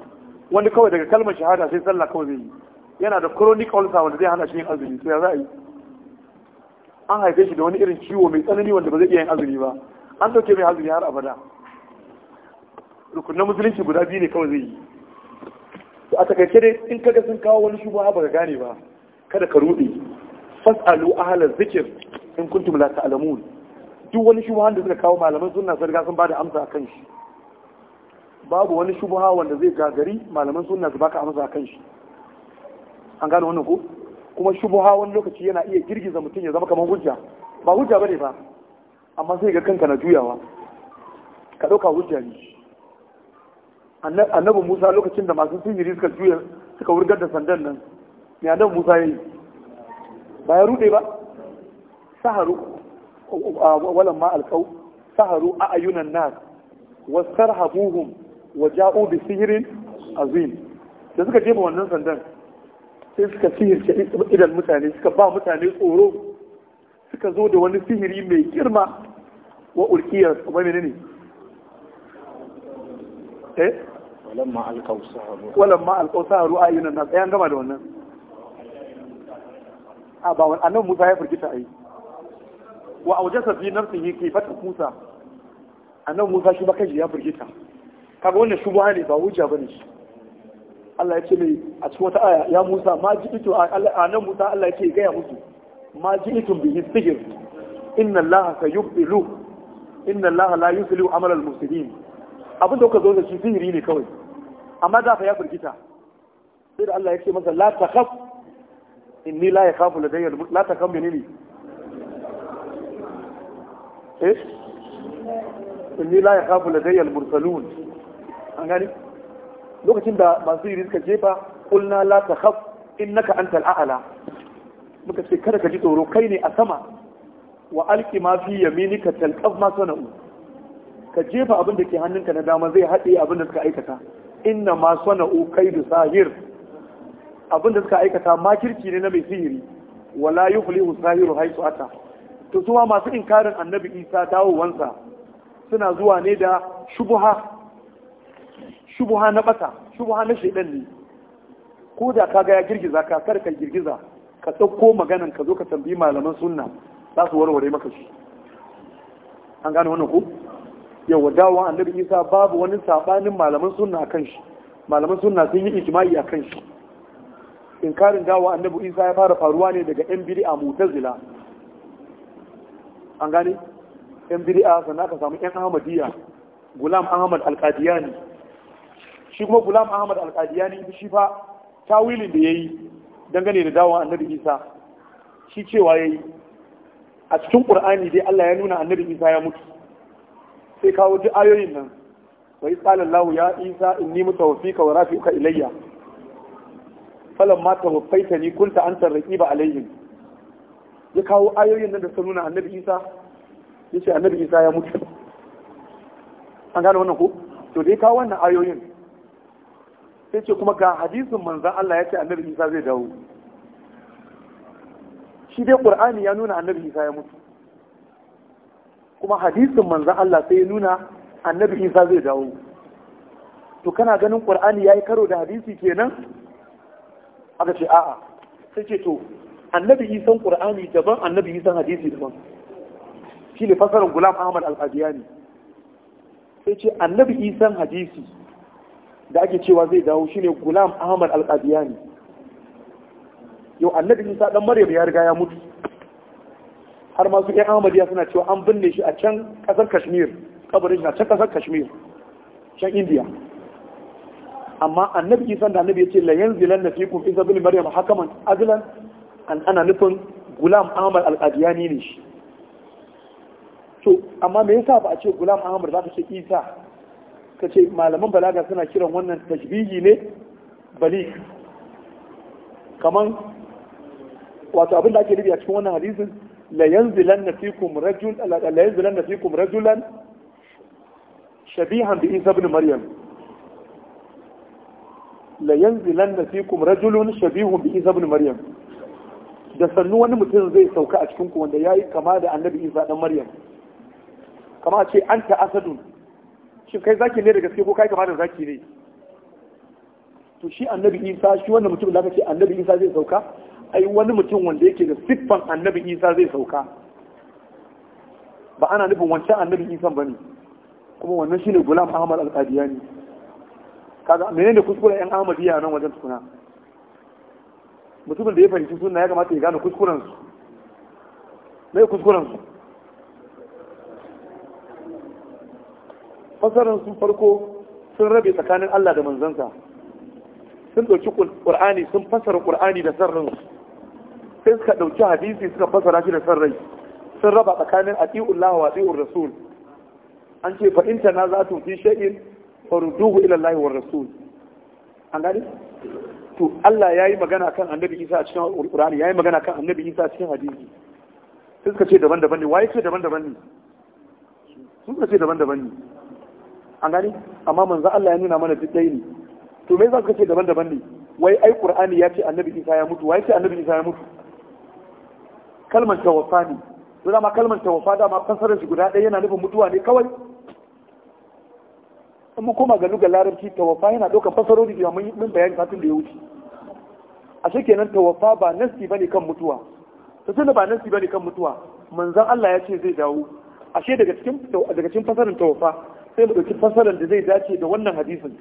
wani kawai daga kalmar shahada sai sallah kawai zai yi yana da chronic ulcer wanda zai hana shi yin azumi sai ya za a yi an haife shi da wani irin ciwo mai tsanani wanda ba zai iya yin azumi ba an dauke mai azumi har abada rukunan musulunci guda biyu ne kawai zai yi a takaice dai in kaga sun kawo wani shubha ba ka gane ba kada ka rude fasalu ahla zikir in kuntum la ta'lamun duk wani shubha da suka kawo malaman sunna sun riga sun bada amsa kan shi babu wani shubuha wanda zai gagari malaman suna su baka amsa kan shi an gane wannan ko kuma shubuha wani lokaci yana iya girgiza mutum ya zama kamar hujja ba hujja bane ba amma sai ga kanka na juyawa ka dauka hujja ne annabi Musa lokacin da masu sihiri suka juya suka wurgar da sandan nan me annabi Musa yayi ba ya rude ba saharu walamma alqaw saharu a ayunan nas wastarhabuhum wa ja'u bi sihirin azim da suka jefa wannan sandan sai suka sihirce idan mutane suka ba mutane tsoro suka zo da wani sihiri mai girma wa ulkiya kuma menene eh walamma alqawsaru walamma alqawsaru ayyunan nas ayan eh, gama da wannan a ba wannan annabi Musa ya firgita ai wa awjasa fi nafsihi kifata Musa annabi Musa shi ba ya firgita kaga wannan shubha ne ba hujja bane shi Allah ya ce mai a cikin wata aya ya Musa ma ji'itu a nan Musa Allah ya ce ya musu ma ji'itum bihi sihir inna Allah sayubtilu inna Allah la yuslihu amal al-mufsidin abin da kuka zo da shi sihiri ne kawai amma da fa ya firgita sai da Allah ya ce masa la takhaf inni la yakhafu ladayya la takhaf minni eh inni la yakhafu ladayya al-mursalun an gani lokacin da masu yi suka jefa kulna la ta khaf innaka antal a'la muka ce kada ka ji tsoro kai ne a sama wa alki ma fi ka talqaf ma sana'u ka jefa abin da ke hannunka na dama zai haɗe abin da suka aikata inna ma sana'u kaidu sahir abin da suka aikata makirci ne na mai sihiri wala yuflihu sahiru haisu ata to suma masu inkarin annabi isa dawowansa suna zuwa ne da shubuha shubuha na bata shubuha na shaidan ne ko da ka ga ya girgiza ka kar ka girgiza ka ɗauko maganan ka zo ka tambayi malaman sunna za su warware maka shi an gane wannan ko yawa dawon annabi isa babu wani sabanin malaman sunna a kan shi malaman sunna sun yi ijma'i a kan shi inkarin dawo annabi isa ya fara faruwa ne daga yan bid'a mutazila an gane yan bid'a sannan aka samu yan ahmadiyya gulam ahmad alqadiyani shi kuma gulam ahmad alƙadiyani shi fa tawilin da ya yi dangane da dawon annabi isa shi cewa ya yi a cikin ƙur'ani dai allah ya nuna annabi isa ya mutu sai kawo duk ayoyin nan wai tsalan lahu ya isa in ni mutu wafi ka warafi ilayya falan ma tawaffaita ne kunta an tarraki ba alayhim ya kawo ayoyin nan da suka nuna annabi isa ya ce annabi isa ya mutu an gane wannan ko to dai kawo wannan ayoyin sai ce kuma ga hadisin manzan Allah ya ce annabi Isa zai dawo shi dai ƙur'ani ya nuna annabi Isa ya mutu kuma hadisin manzan Allah sai ya nuna annabi Isa zai dawo to kana ganin ya yi karo da hadisi kenan aka ce a'a sai ce to annabi isan ƙur'ani daban annabi isan hadisi daban shi ne fasarar Gulam Ahmad al adiyani sai ce annabi isan hadisi da ake cewa zai dawo shine gulam ahmad al-qadiyani yau annabi isa dan maryam ya riga ya mutu har masu su ƴan ya suna cewa an binne shi a can ƙasar kashmir kabarin shi a can ƙasar kashmir can indiya amma annabi isa da annabi ya ce layan zilan na fikum isa bin maryam hakaman adlan an ana nufin gulam ahmad al-qadiyani ne shi to amma me yasa ba a ce gulam ahmad za ta ce isa ka ce malaman balaga suna kiran wannan tashbihi ne balik kaman wato abin da ake nufi a cikin wannan hadisin la yanzilanna fikum rajul la yanzilanna fikum rajulan shabihan bi isa ibn maryam la yanzilanna fikum rajulun shabihun bi isa ibn maryam da sannu wani mutum zai sauka a cikin ku wanda yayi kama da annabi isa dan maryam kama ce anta asadun shin kai zaki ne da gaske ko kai kama da zaki ne to shi annabi isa shi wannan mutum da ce annabi isa zai sauka ai wani mutum wanda yake da siffan annabi isa zai sauka ba ana nufin wancan annabi isa ba ne kuma wannan shine gulam ahmad al-qadiyani kaga menene kuskuren yan ahmadiyya nan wajen tukuna mutumin da ya fahimci sunna ya kamata ya gane kuskuren su mai kuskuren su fasarar sun farko sun rabe tsakanin Allah da manzansa sun ɗauki ƙur'ani sun fasara ƙur'ani da sarrin sai suka ɗauki hadisi suka fasara shi da sarrai sun raba tsakanin ati'ullah wa ati'ur rasul an ce fa inta na zatu fi shay'in farduhu ila Allah wa rasul an gani to Allah yayi magana kan annabi Isa a cikin ya yayi magana kan annabi Isa a cikin hadisi sai suka ce daban-daban ne waye ce daban-daban ne sun ce daban-daban ne an gani amma manzo Allah ya nuna mana duk dai ne to me za ce daban-daban ne wai ai qur'ani ya ce annabi isa ya mutu wai ce annabi isa ya mutu kalmar ne. to dama kalmar tawaffa dama fasarar shi guda ɗaya yana nufin mutuwa ne kawai in mun koma ga lugar larabci tawaffa yana ɗaukar fasarori da mun mun bayani satin da ya wuce a kenan tawaffa ba nasi bane kan mutuwa to tunda ba nasi bane kan mutuwa manzon Allah ya ce zai dawo ashe daga cikin daga cikin fasarin tawaffa sai mu ɗauki fasarar da zai dace da wannan hadisin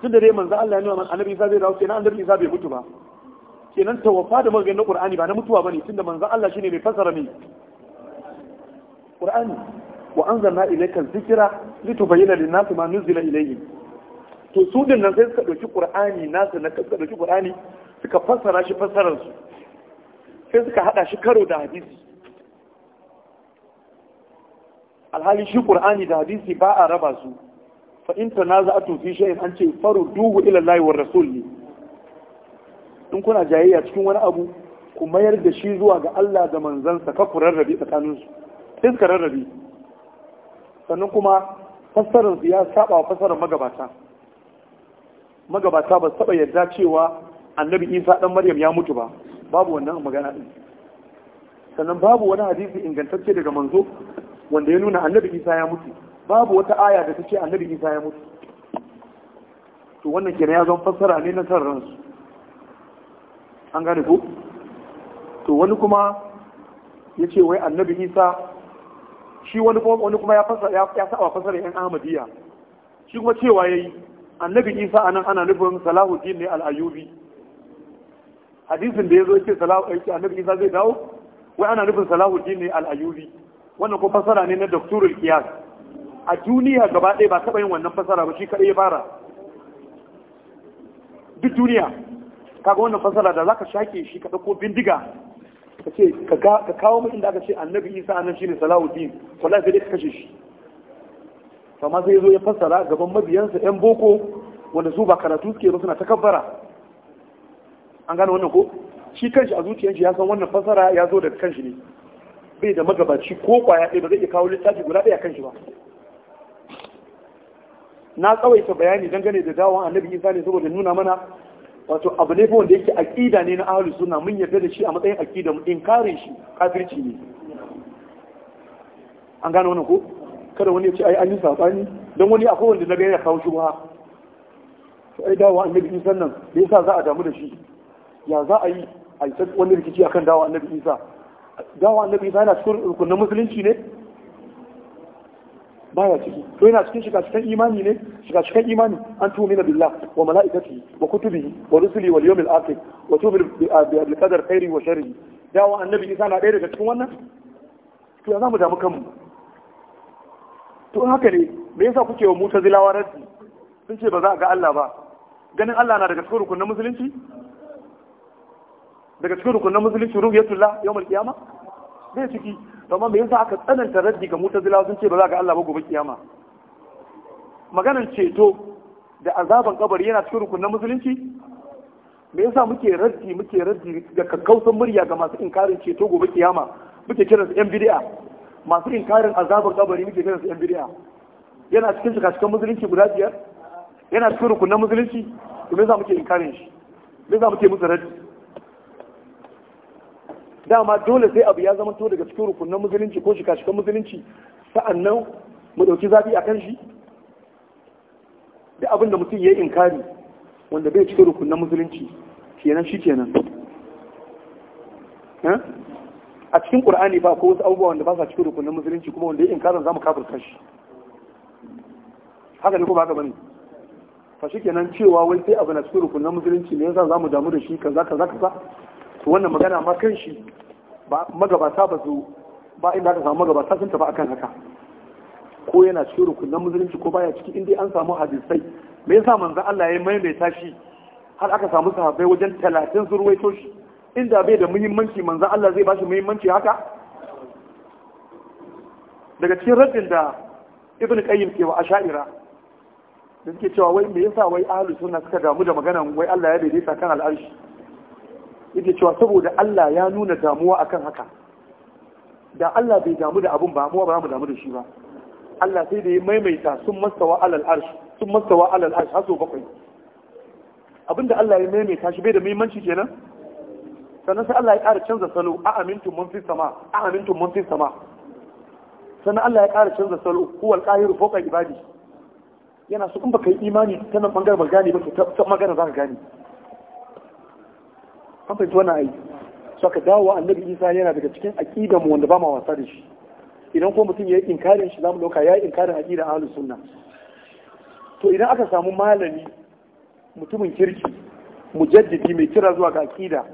tun da dai manzo Allah ya nuna mana annabi Isa zai dawo kenan annabi Isa bai mutu ba kenan tawaffa da maganin Qur'ani ba na mutuwa bane tunda manzo Allah shine mai fasara mai Qur'ani wa anzalna ilayka dhikra litubayyana lin-nasi ma nuzila ilayhim to su din nan sai suka ɗauki Qur'ani nasu na suka ɗauki Qur'ani suka fassara shi fassarar sai suka haɗa shi karo da hadisi alhali shi qur'ani da hadisi ba a raba su fa in tanaza'tu fi shay'in an ce duhu ila Allah wa rasul in kuna jayayya cikin wani abu ku mayar da shi zuwa ga Allah da manzansa ka ku rarrabe tsakanin su sai rarrabe sannan kuma fassarar ya saba wa fassarar magabata magabata ba saba yarda cewa annabi Isa dan Maryam ya mutu ba babu wannan magana din sannan babu wani hadisi ingantacce daga manzo wanda ya nuna annabi isa ya mutu babu wata aya da ta ce annabi isa ya mutu to wannan kenan ya zan fassara ne na kan ransu an gane ko to wani kuma ya ce wai annabi isa shi wani kuma ya saba fassara yan ahmadiyya shi kuma cewa ya yi annabi isa anan ana nufin salahuddin ne al-ayubi hadisin da ya zo ya ce annabi isa zai dawo wai ana nufin salahuddin ne al-ayubi wannan ko fasara ne na doktorul kiyas a duniya gaba ɗaya ba taɓa yin wannan fasara ba shi kaɗai ya fara duk duniya kaga wannan fasara da za ka shaƙe shi ka ɗauko bindiga ka ce ka kawo mutum da aka ce annabi isa nan shine salahuddin wallahi sai dai ka kashe shi amma sai zo ya fasara gaban mabiyansa yan boko wanda su ba karatu suke ba suna ta kabbara an gane wannan ko shi kanshi a zuciyar shi ya san wannan fasara ya zo daga kanshi ne bai da magabaci ko kwaya ɗaya ba zai iya kawo littafi guda ɗaya kan shi ba na tsawaita bayani dangane da dawon annabi isa ne saboda nuna mana wato abu ne wanda yake aƙida ne na ahlus sunna mun yarda da shi a matsayin aƙida mu inkarin shi kafirci ne an gano wannan ko kada wani ya ce ai an yi sabani dan wani akwai wanda na ga ya kawo shubha to ai dawo annabi isa nan me yasa za a damu da shi ya za a yi a wani rikici akan dawo annabi isa dawa annabi ba yana cikin rukunin musulunci ne baya ciki to yana cikin shiga cikin imani ne shiga cikin imani an na billah wa malaikati wa kutubi, wa rusuli wal yawmil akhir wa tu'minu bil qadar khairi wa sharri dawa annabi isa na ɗaya daga cikin wannan to za mu damu kanmu to haka ne me yasa kuke wa mutazilawa raddi sun ce ba za a ga Allah ba ganin Allah na daga cikin rukunin musulunci daga cikin rukunan musulunci ruhiyatullah yawmal qiyama zai ciki amma me yasa aka tsananta raddi ga mutazila sun ce ba za ga Allah ba gobe kiyama maganan ceto da azaban kabari yana cikin rukunan musulunci me yasa muke raddi muke raddi ga kakkausan murya ga masu inkarin ceto gobe kiyama muke su yan bid'a masu inkarin azaban kabari muke kiran su yan bid'a yana cikin shikashikan musulunci guda biyar yana cikin rukunan musulunci to me yasa muke inkarin shi me yasa muke musu raddi dama dole sai abu ya zama to daga cikin rukunan musulunci ko shika-shikan musulunci sa'annan mu ɗauki zafi a kan shi da abin da mutum ya yi inkari wanda bai cikin rukunan musulunci kenan shi kenan eh? a cikin ƙur'ani ba ko wasu abubuwa wanda ba sa cikin rukunan musulunci kuma wanda ya inkarin za mu kafirta shi haka ne ko ba haka bane fa shi kenan cewa wai sai abu na cikin rukunan musulunci ne yasa za mu damu da shi kaza kaza kaza to wannan magana ma kan shi magabata ba su ba inda aka samu magabata sun tafi akan haka ko yana cikin rukunan musulunci ko baya ciki inda an samu hadisai me yasa manzo Allah ya maimaita shi har aka samu sahabbai wajen talatin zurwai ruwaito shi inda bai da muhimmanci manzo Allah zai ba shi muhimmanci haka daga cikin raddin da ibn qayyim ke wa asha'ira da suke cewa wai me yasa wai ahlus sunna suka damu da maganan wai Allah ya daidaita kan al'arshi yake cewa saboda Allah ya nuna damuwa akan haka da Allah bai damu da abun ba mu ba mu damu da shi ba Allah sai da ya maimaita sun mastawa alal arsh sun mastawa alal arsh haso bakwai abinda Allah ya maimaita shi bai da muhimmanci kenan sannan sai Allah ya ƙara canza salo a amintum mun fi sama a amintum mun fi sama sannan Allah ya ƙara canza salo huwal qahiru fawqa ibadi yana so in baka yi imani ta nan bangaren ba gane ba ta magana za ka gane an fahimci wannan aka dawo wa annabi isa yana daga cikin aqidan mu wanda ba ma wasa da shi idan ko mutum ya yi inkarin shi zamu dauka yi inkarin aqidan ahlus sunna to idan aka samu malami mutumin kirki mujaddidi mai kira zuwa ga aƙida,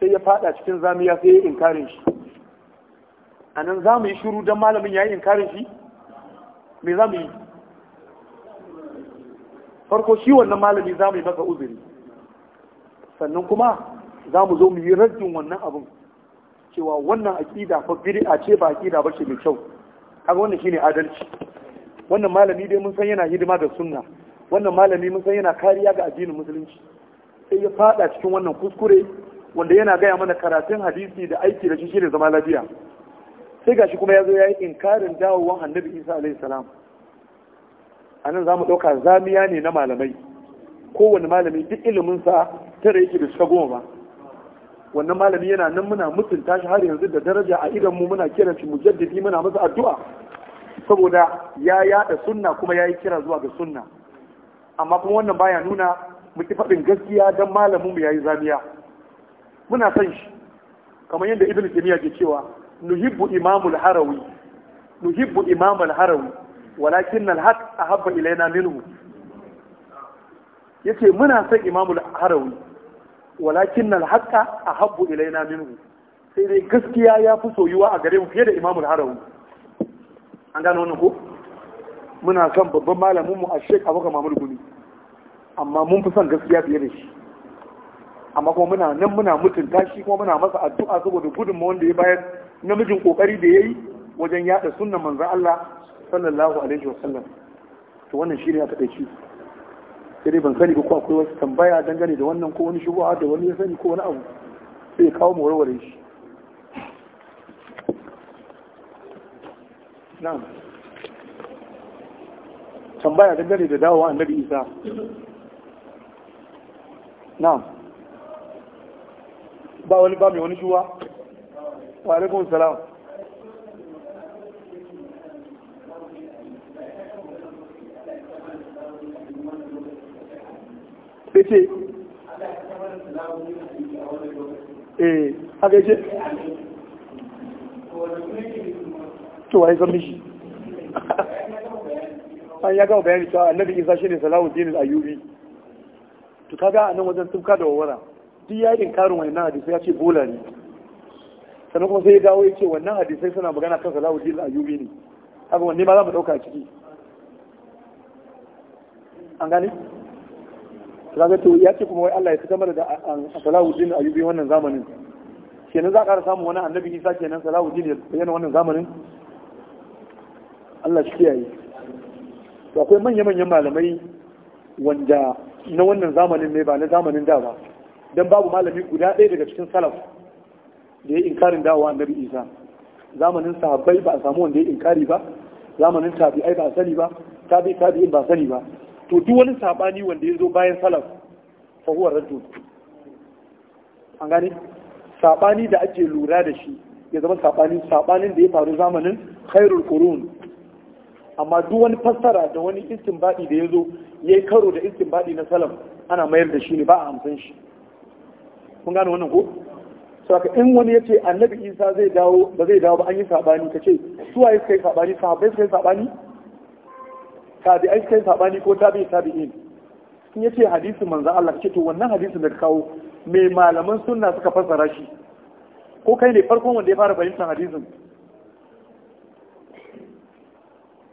sai ya fada cikin zamiya sai ya inkarin shi anan zamu yi shiru dan malamin ya yi inkarin shi me zamu yi farko shi wannan malami zamu yi masa uzuri sannan kuma za mu zo mu yi rajin wannan abin cewa wannan aƙida fa bid'a ce ba aƙida ba ce mai kyau kaga wannan shine adalci wannan malami dai mun san yana hidima da sunna wannan malami mun san yana kariya ga addinin musulunci sai ya fada cikin wannan kuskure wanda yana gaya mana karatun hadisi da aiki da shi shine zama lafiya sai gashi kuma ya zo ya yi inkarin dawowan annabi isa alaihi salam a nan za mu ɗauka zamiya ne na malamai kowane malami duk iliminsa tare yake da suka goma ba wannan malami yana nan muna mutunta shi har yanzu da daraja a idan mu muna kiran shi mujaddidi muna masa addu'a saboda ya yada sunna kuma yayi kira zuwa ga sunna amma kuma wannan baya nuna muke faɗin gaskiya dan malamin mu yayi zamiya muna san shi kamar yadda ibn taymiya ke cewa nuhibbu imamul harawi nuhibbu imamul harawi walakin alhaq ahabba ilaina minhu yace muna san imamul harawi walakin nan haƙa a habbu ilaina minhu sai dai gaskiya ya fi soyuwa a gare mu fiye da imamul harawi an gano wannan ko muna son babban mu a shek abokan mamul guni amma mun fi son gaskiya fiye da shi amma kuma muna nan muna mutunta shi kuma muna masa addu'a saboda gudunmu wanda ya bayar namijin kokari da yayi wajen yada sunnan manzon Allah sallallahu alaihi wasallam to wannan shine a takaici sai dai ban sani ba ko akwai wasu tambaya dangane da wannan ko wani shubuha da wani ya sani ko wani abu sai ya kawo mu warware shi na'am tambaya dangane da dawowa annabi isa na'am ba wani ba mai wani shuwa wa alaikum salam sai ce eh haka yake to wai zan mishi an ya gama bayani cewa annabi isa shine salahuddin al-ayyubi to kaga a nan wajen tufka da wawara duk ya wani nan hadisi ya ce bola ne sannan kuma sai ya dawo ya ce wannan hadisai suna magana kan salahuddin al-ayyubi ne haka wanne ma za mu ɗauka a ciki an gani kaga to ya ce kuma wai Allah ya fitar da Salahuddin Ayyubi wannan zamanin kenan za ka ƙara samun wani annabi Isa kenan Salahuddin ya bayyana wannan zamanin Allah shi kiyaye to akwai manya-manyan malamai wanda na wannan zamanin ne ba na zamanin da ba dan babu malami guda ɗaya daga cikin salaf da ya inkarin dawo annabi Isa zamanin sahabbai ba a samu wanda ya inkari ba zamanin tabi'ai ba a sani ba tabi tabi'in ba sani ba to duk wani sabani wanda ya zo bayan salaf fa huwa raddu an gane sabani da ake lura da shi ya zama sabani sabanin da ya faru zamanin khairul qurun amma duk wani fassara da wani istinbadi da ya zo yayi karo da istinbadi na salaf ana mayar da shi ne ba a amsan shi kun gane wannan ko saka in wani ya ce annabi isa zai dawo ba zai dawo ba an yi sabani ka ce suwaye suka yi sabani sahabbai suka yi sabani tabi'ai ai kai sabani ko tabi'i tabi'in in yace hadisin manzo Allah ce to wannan hadisin da kawo me malaman sunna suka fassara shi ko kai ne farkon wanda ya fara fahimtar hadisin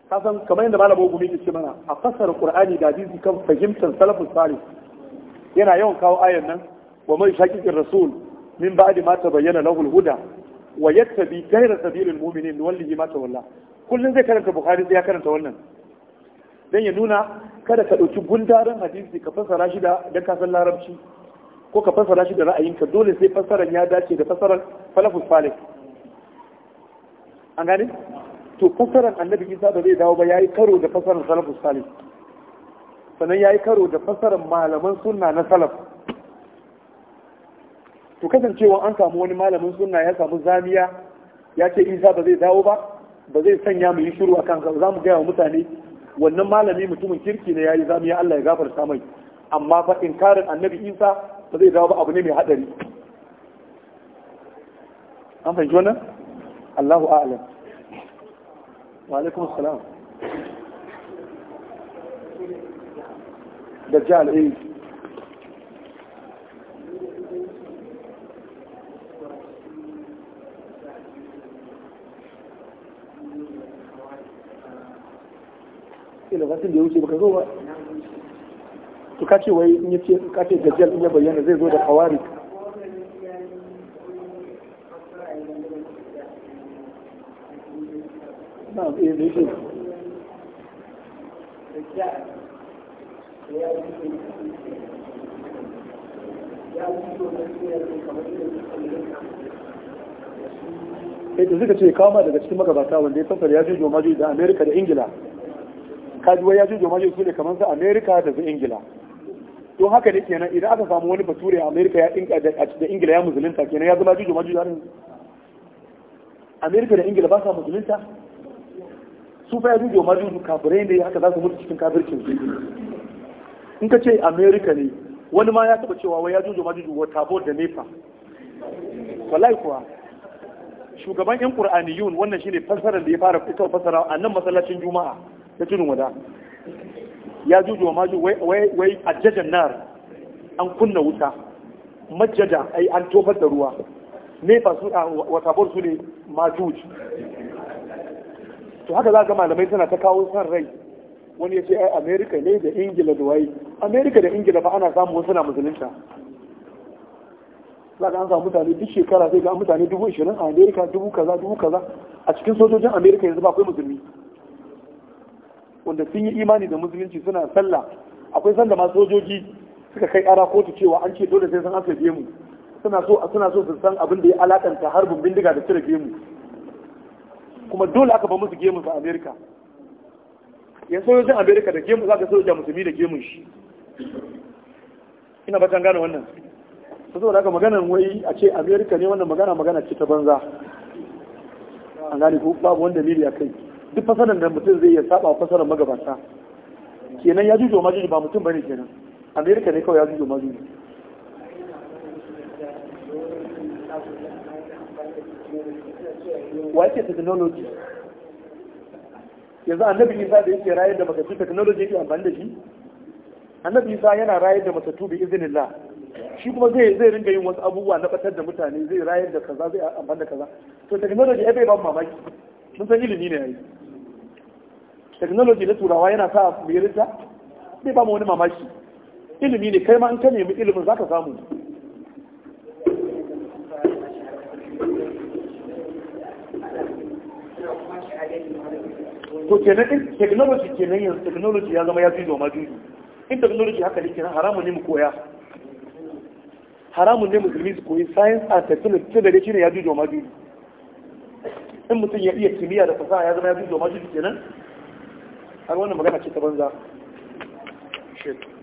kasan kamar yadda malamin gumi ke ce mana a fassara qur'ani da hadisi kan fahimtar salafus salih yana yawan kawo ayan nan wa mai shaqiqir rasul min ba'di ma tabayyana lahu al-huda wa yattabi ghayra sabilil mu'minin wallahi ma tawalla kullun zai karanta bukhari sai ya karanta wannan don ya nuna kada ka ɗauki gundarin hadisi ka fassara shi da dan larabci ko ka fassara shi da ra'ayinka dole sai fassaran ya dace da fassaran falafus salih an gane to fassaran annabi isa da zai dawo ba yayi karo da fassaran salafus salih sannan yayi karo da fassaran malaman sunna na salaf to kasancewa an samu wani malamin sunna ya samu zamiya ya ce isa ba zai dawo ba ba zai sanya mu yi shiru akan za mu gaya wa mutane wannan malami mutumin kirki ne ya yi ya Allah ya gafarta mai amma fa inkarin annabi Isa ba zai dawo ba abu ne mai hadari an fahimci wannan Allahu a'lam wa alaikum assalam dajjal eh ila fatin da ya wuce baka zo ba to kace wai in yace kace dajjal in ya bayyana zai zo da kawari eh ce Eh to suka ce kama daga cikin magabata wanda ya da ya jujo maju da Amerika da Ingila Kaduwa ya jujo maje su ne kamar su amerika da su ingila don haka ne kenan idan aka samu wani bature amerika ya da ingila ya musulunta kenan ya zama jujo maje su amerika da ingila ba sa musulunta su fa ya jujo maje su kafirai ne haka za su mutu cikin kafircin su in ka ce amerika ne wani ma ya taba cewa wai ya jujo maje su wata da nefa wallahi kuwa shugaban yan qur'aniyun wannan shine fassarar da ya fara fitowa fassara a nan masallacin juma'a ta tudun wada ya juju wa maju wai a jajen nar an kunna wuta majjada ai an tofar da ruwa ne ba su watabor su ne majuj to haka za ga malamai tana ta kawo san rai wani ya ce ai amerika ne da ingila da waye amerika da ingila ba ana samu wasu na musulunta za ka an samu mutane duk shekara sai ga mutane dubu ishirin a amerika dubu kaza dubu kaza a cikin sojojin amerika yanzu ba akwai musulmi wanda sun yi imani da musulunci suna sallah akwai sanda ma sojoji suka kai ara kotu cewa an ce dole sai sun aka mu suna so suna so su san abin da ya alakanta harbin bindiga da cire gemu kuma dole aka ba musu gemu a Amerika yan sojojin Amerika da gemu za ka soja musulmi da gemun shi ina ba gane wannan su saboda haka maganar wai a ce Amerika ne wannan magana magana ce ta banza an gane ko babu wanda miliya kai duk fasaran da mutum zai iya saba a fasaran magabata kenan ya jujo majuju ba mutum bane kenan amerika ne kawai ya jujo Wa yake technology yanzu annabi isa da yake rayar da matattu technology yake amfani da shi annabi isa yana rayar da matattu bi iznillah shi kuma zai zai ringa yin wasu abubuwa na batar da mutane zai rayar da kaza zai amfani da kaza to technology ai bai ban mamaki mun san ilimi ne yayi technology na turawa yana sa mu yi rinta bai ba mu wani mamaki ilimi ne kai ma in ka nemi ilimin za ka samu to kenan in technology nan yanzu technology ya zama ya fi zoma juju in technology haka ne kenan haramun ne mu koya haramun ne musulmi su koyi science and technology tun daga shine ya fi ma juju in mutum ya iya kimiyya da fasaha ya zama ya fi ma juju kenan har wannan magana ce ta banza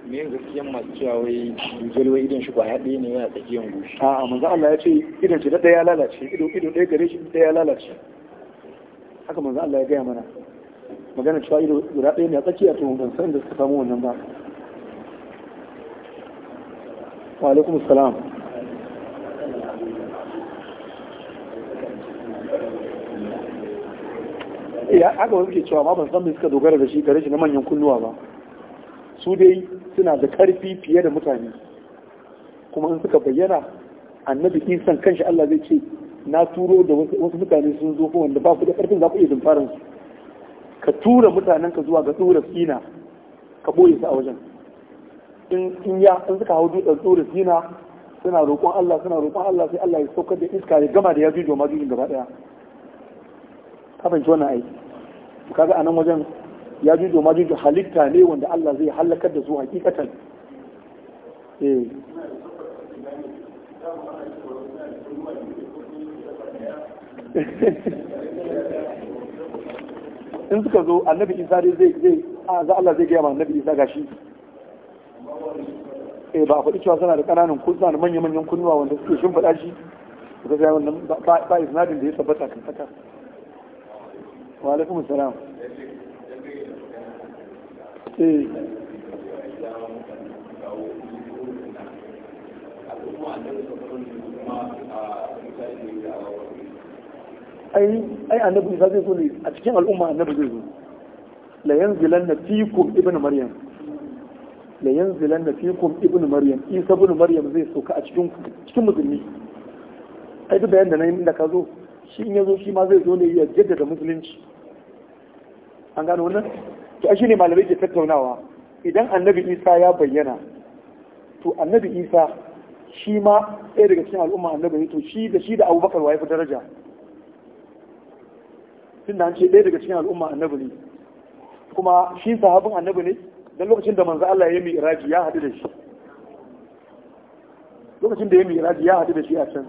me gaskiyan masu cewa wai dujal wai idan shi kwaya ɗaya ne yana tsakiyan gushi. a manzo Allah ya ce idan shi ɗaya ya lalace ido ido ɗaya gare shi ɗaya ya lalace haka manzo Allah ya gaya mana magana cewa ido guda ɗaya ne a tsakiya to ban san da suka samu wannan ba wa alaikum assalam ya aka wasu cewa ma ban san me suka dogara da shi gare shi na manyan kunnuwa ba su dai suna da karfi fiye da mutane kuma in suka bayyana annabi isan kanshi Allah zai ce na turo da wasu mutane sun zo ko wanda ba ku da karfin za ku iya dumfarin su ka tura mutanen ka zuwa ga tsura sina ka boye su a wajen in ya in suka hau dutsen tsura sina suna roƙon Allah suna roƙon Allah sai Allah ya saukar da iska ya gama da ya jujo ma jujin gaba daya ka fahimci wannan aiki kaga anan wajen ya jujo ma jujo halitta ne wanda Allah zai halakar da su hakikatan eh in suka zo annabi isa dai zai zai a za Allah zai gaya ma annabi isa gashi eh ba a faɗi cewa suna da ƙananan kunsa da manya-manyan kunnuwa wanda suke shimfiɗa shi ba ba isnadin da ya tabbata kan saka wa alaikum salam eh annabi isa zai zo ne a cikin al'umma annabi zai zo la yanzilanna fikum ibnu maryam la maryam isa ibnu maryam zai sauka a cikin musulmi ai bayan da nayi da ka zo shi in ya zo shi ma zai zo ne ya jaddada musulunci an gano wannan to shi ne malamai ke tattaunawa idan annabi isa ya bayyana to annabi isa shi ma ɗaya daga cikin al'umma annabi ne to shi da shi da abubakar waye fi daraja tun da an ce ɗaya daga cikin al'umma annabi ne kuma shi sahabin annabi ne don lokacin da manzo Allah ya yi miraji ya haɗu da shi lokacin da ya yi miraji ya haɗu da shi a can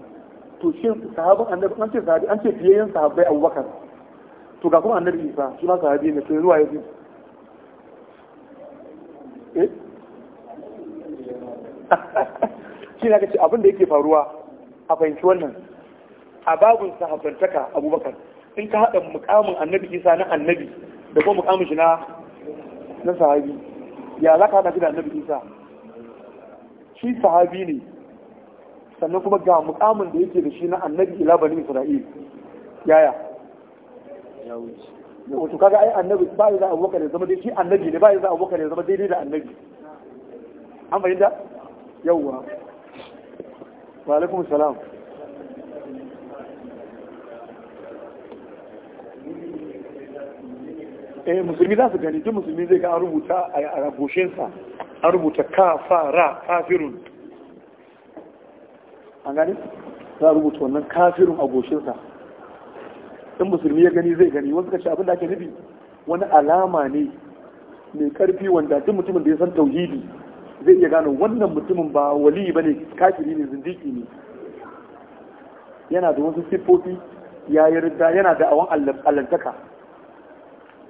to shi sahabin annabi an ce sahabi an ce fiyayyen sahabbai abubakar to ga kuma annabi isa shi ma sahabi ne sai zuwa yanzu. eh shi ne ce abin da yake faruwa a fahimci wannan a babun sahabantaka abubakar in ka haɗa mukamin annabi isa na annabi da kuma mukamin shi na na sahabi ya za ka haɗa shi da annabi isa shi sahabi ne sannan kuma ga mukamin da yake da shi na annabi ila bani isra'il yaya wato kaga ai annabi ba ya za abubakar ya zama daidai annabi ne ba ya za abubakar ya zama daidai da annabi an fahimta yawwa wa alaikum salam eh musulmi za su gani duk musulmi zai ga an rubuta a raboshinsa an rubuta kafara kafirun an gani za a rubuta wannan kafirun a goshinsa in musulmi ya gani zai gani wasu kashi abin da ake nufi wani alama ne mai karfi wanda duk mutumin da ya san tauhidi zai iya gano wannan mutumin ba wali ba ne kafiri ne zindiki ne yana da wasu siffofi ya yarda yana da awon allantaka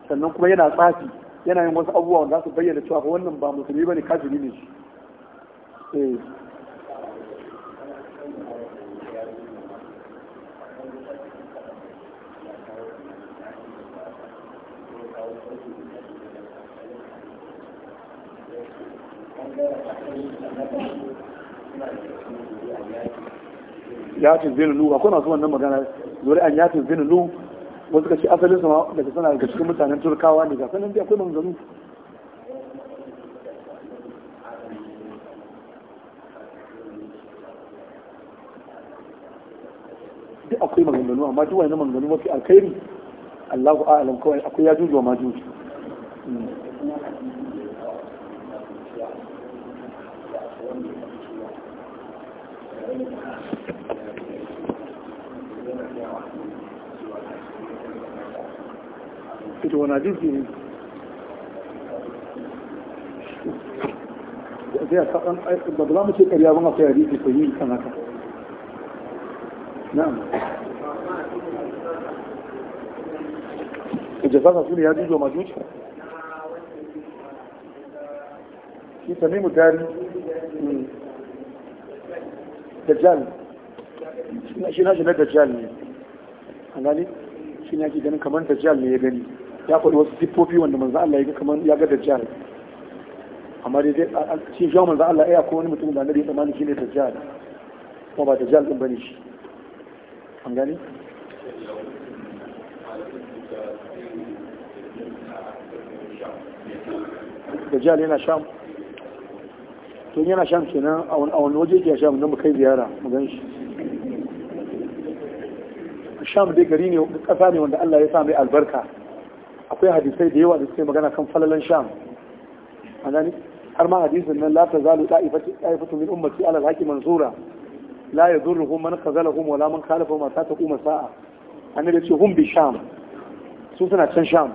sannan kuma yana tsafi yana yin wasu abubuwa wanda su bayyana cewa wannan ba musulmi ba ne kafiri ne eh. Yatin ce zinulu akwai masu wannan magana zuri an yatin ce zinulu wasu kashi asalin sama daga sana da cikin mutanen turkawa ne ga sanin akwai manzanu duk akwai manzanu amma duk wani manzanu mafi alkhairi Allahu a'alam kawai akwai ya juju ma juju hmm. ita wani hadisi ne zai a sa'an da ba za mu ce karya ban akwai hadisi ko yi kan haka na'am jazasa su ne ya jujo majuj shi sami mu tari hmm, dajjal shi na shi na da dajjal ne a gani shi na ke ganin kamar da dajjal ne ya gani ya faɗi wasu siffofi wanda manzan Allah ya ga kamar ya ga dajjal amma dai dai cikin shawar manzan Allah ya akwai wani mutum da annabi shi ne shine dajjal kuma ba dajjal ba bane shi an Da dajjal yana sham to yana sham kenan a wani waje ke sham nan mu kai ziyara mu gan shi sham dai gari ne kasa ne wanda Allah ya sa mai albarka akwai hadisai da yawa da suke magana kan falalan sham anani har ma hadisin nan la tazalu da'ifatu min ummati ala alhaqi manzura la yadurruhum man khazalahum wala man khalafahum ma ta kuma sa'a annabi ce hum bi sham su suna can sham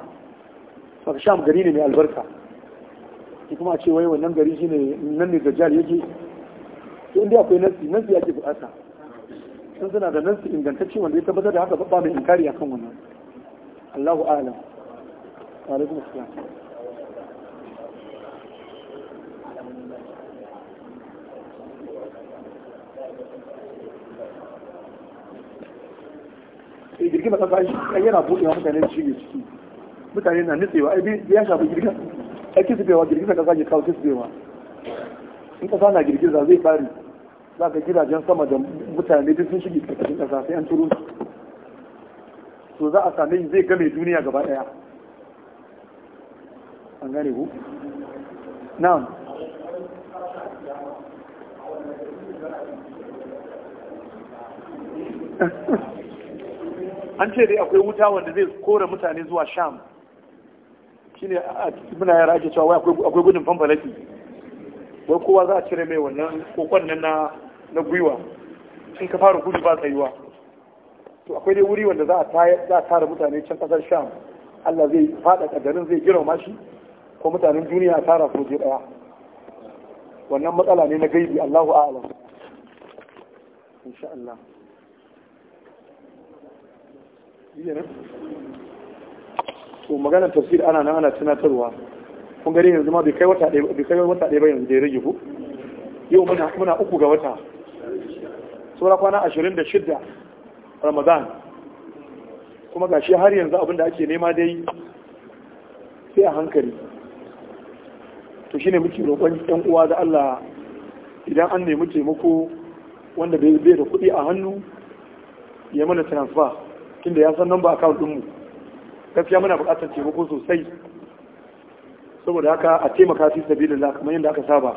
saka sham gari ne mai albarka ki kuma ce wai wannan gari shine nan ne dajjal yake to inda akwai nasi nasi yake bukata sun suna da nasi ingantacce wanda ya tabbatar da haka ba mai inkari akan wannan Allahu a'lam alaikum assalam eh, girgin masa bashi kan yana buɗe wa mutane da shige ciki mutane na nutsewa ai ya shafi girgin ai bewa girgin kasa ke kawo kisu bewa in kasa na za zai fari za ka gidajen sama da mutane duk sun shirya cikin kasa sai an turu su to za a same zai game duniya gaba ɗaya an gane ku na'am an ce dai akwai wuta wanda zai kora mutane zuwa sham Shi ne a muna yara ake cewa akwai gudun fanfalaki wai kowa za a cire mai wannan kokon nan na gwiwa Sun ka fara gudu ba tsayuwa to akwai dai wuri wanda za a tara mutane can kasar sham Allah zai fada kadarin zai girma shi ko mutanen duniya a tara soje ɗaya wannan matsala ne na gaibi Allahu a'lam insha Allah to maganar tafsir ana nan ana tunatarwa kun gari yanzu ma bai kai wata ɗaya ba yanzu da ya rage ku yau muna uku ga wata saura kwana 26 Ramadan kuma gashi har yanzu abin da ake nema dai sai a hankali to shi shine muke roƙon yan uwa da Allah idan an nemi taimako wanda bai da kuɗi a hannu ya mana transfer tunda ya san namba account din mu gaskiya muna buƙatar taimako sosai saboda haka a taimaka fi sabilillah kamar yadda aka saba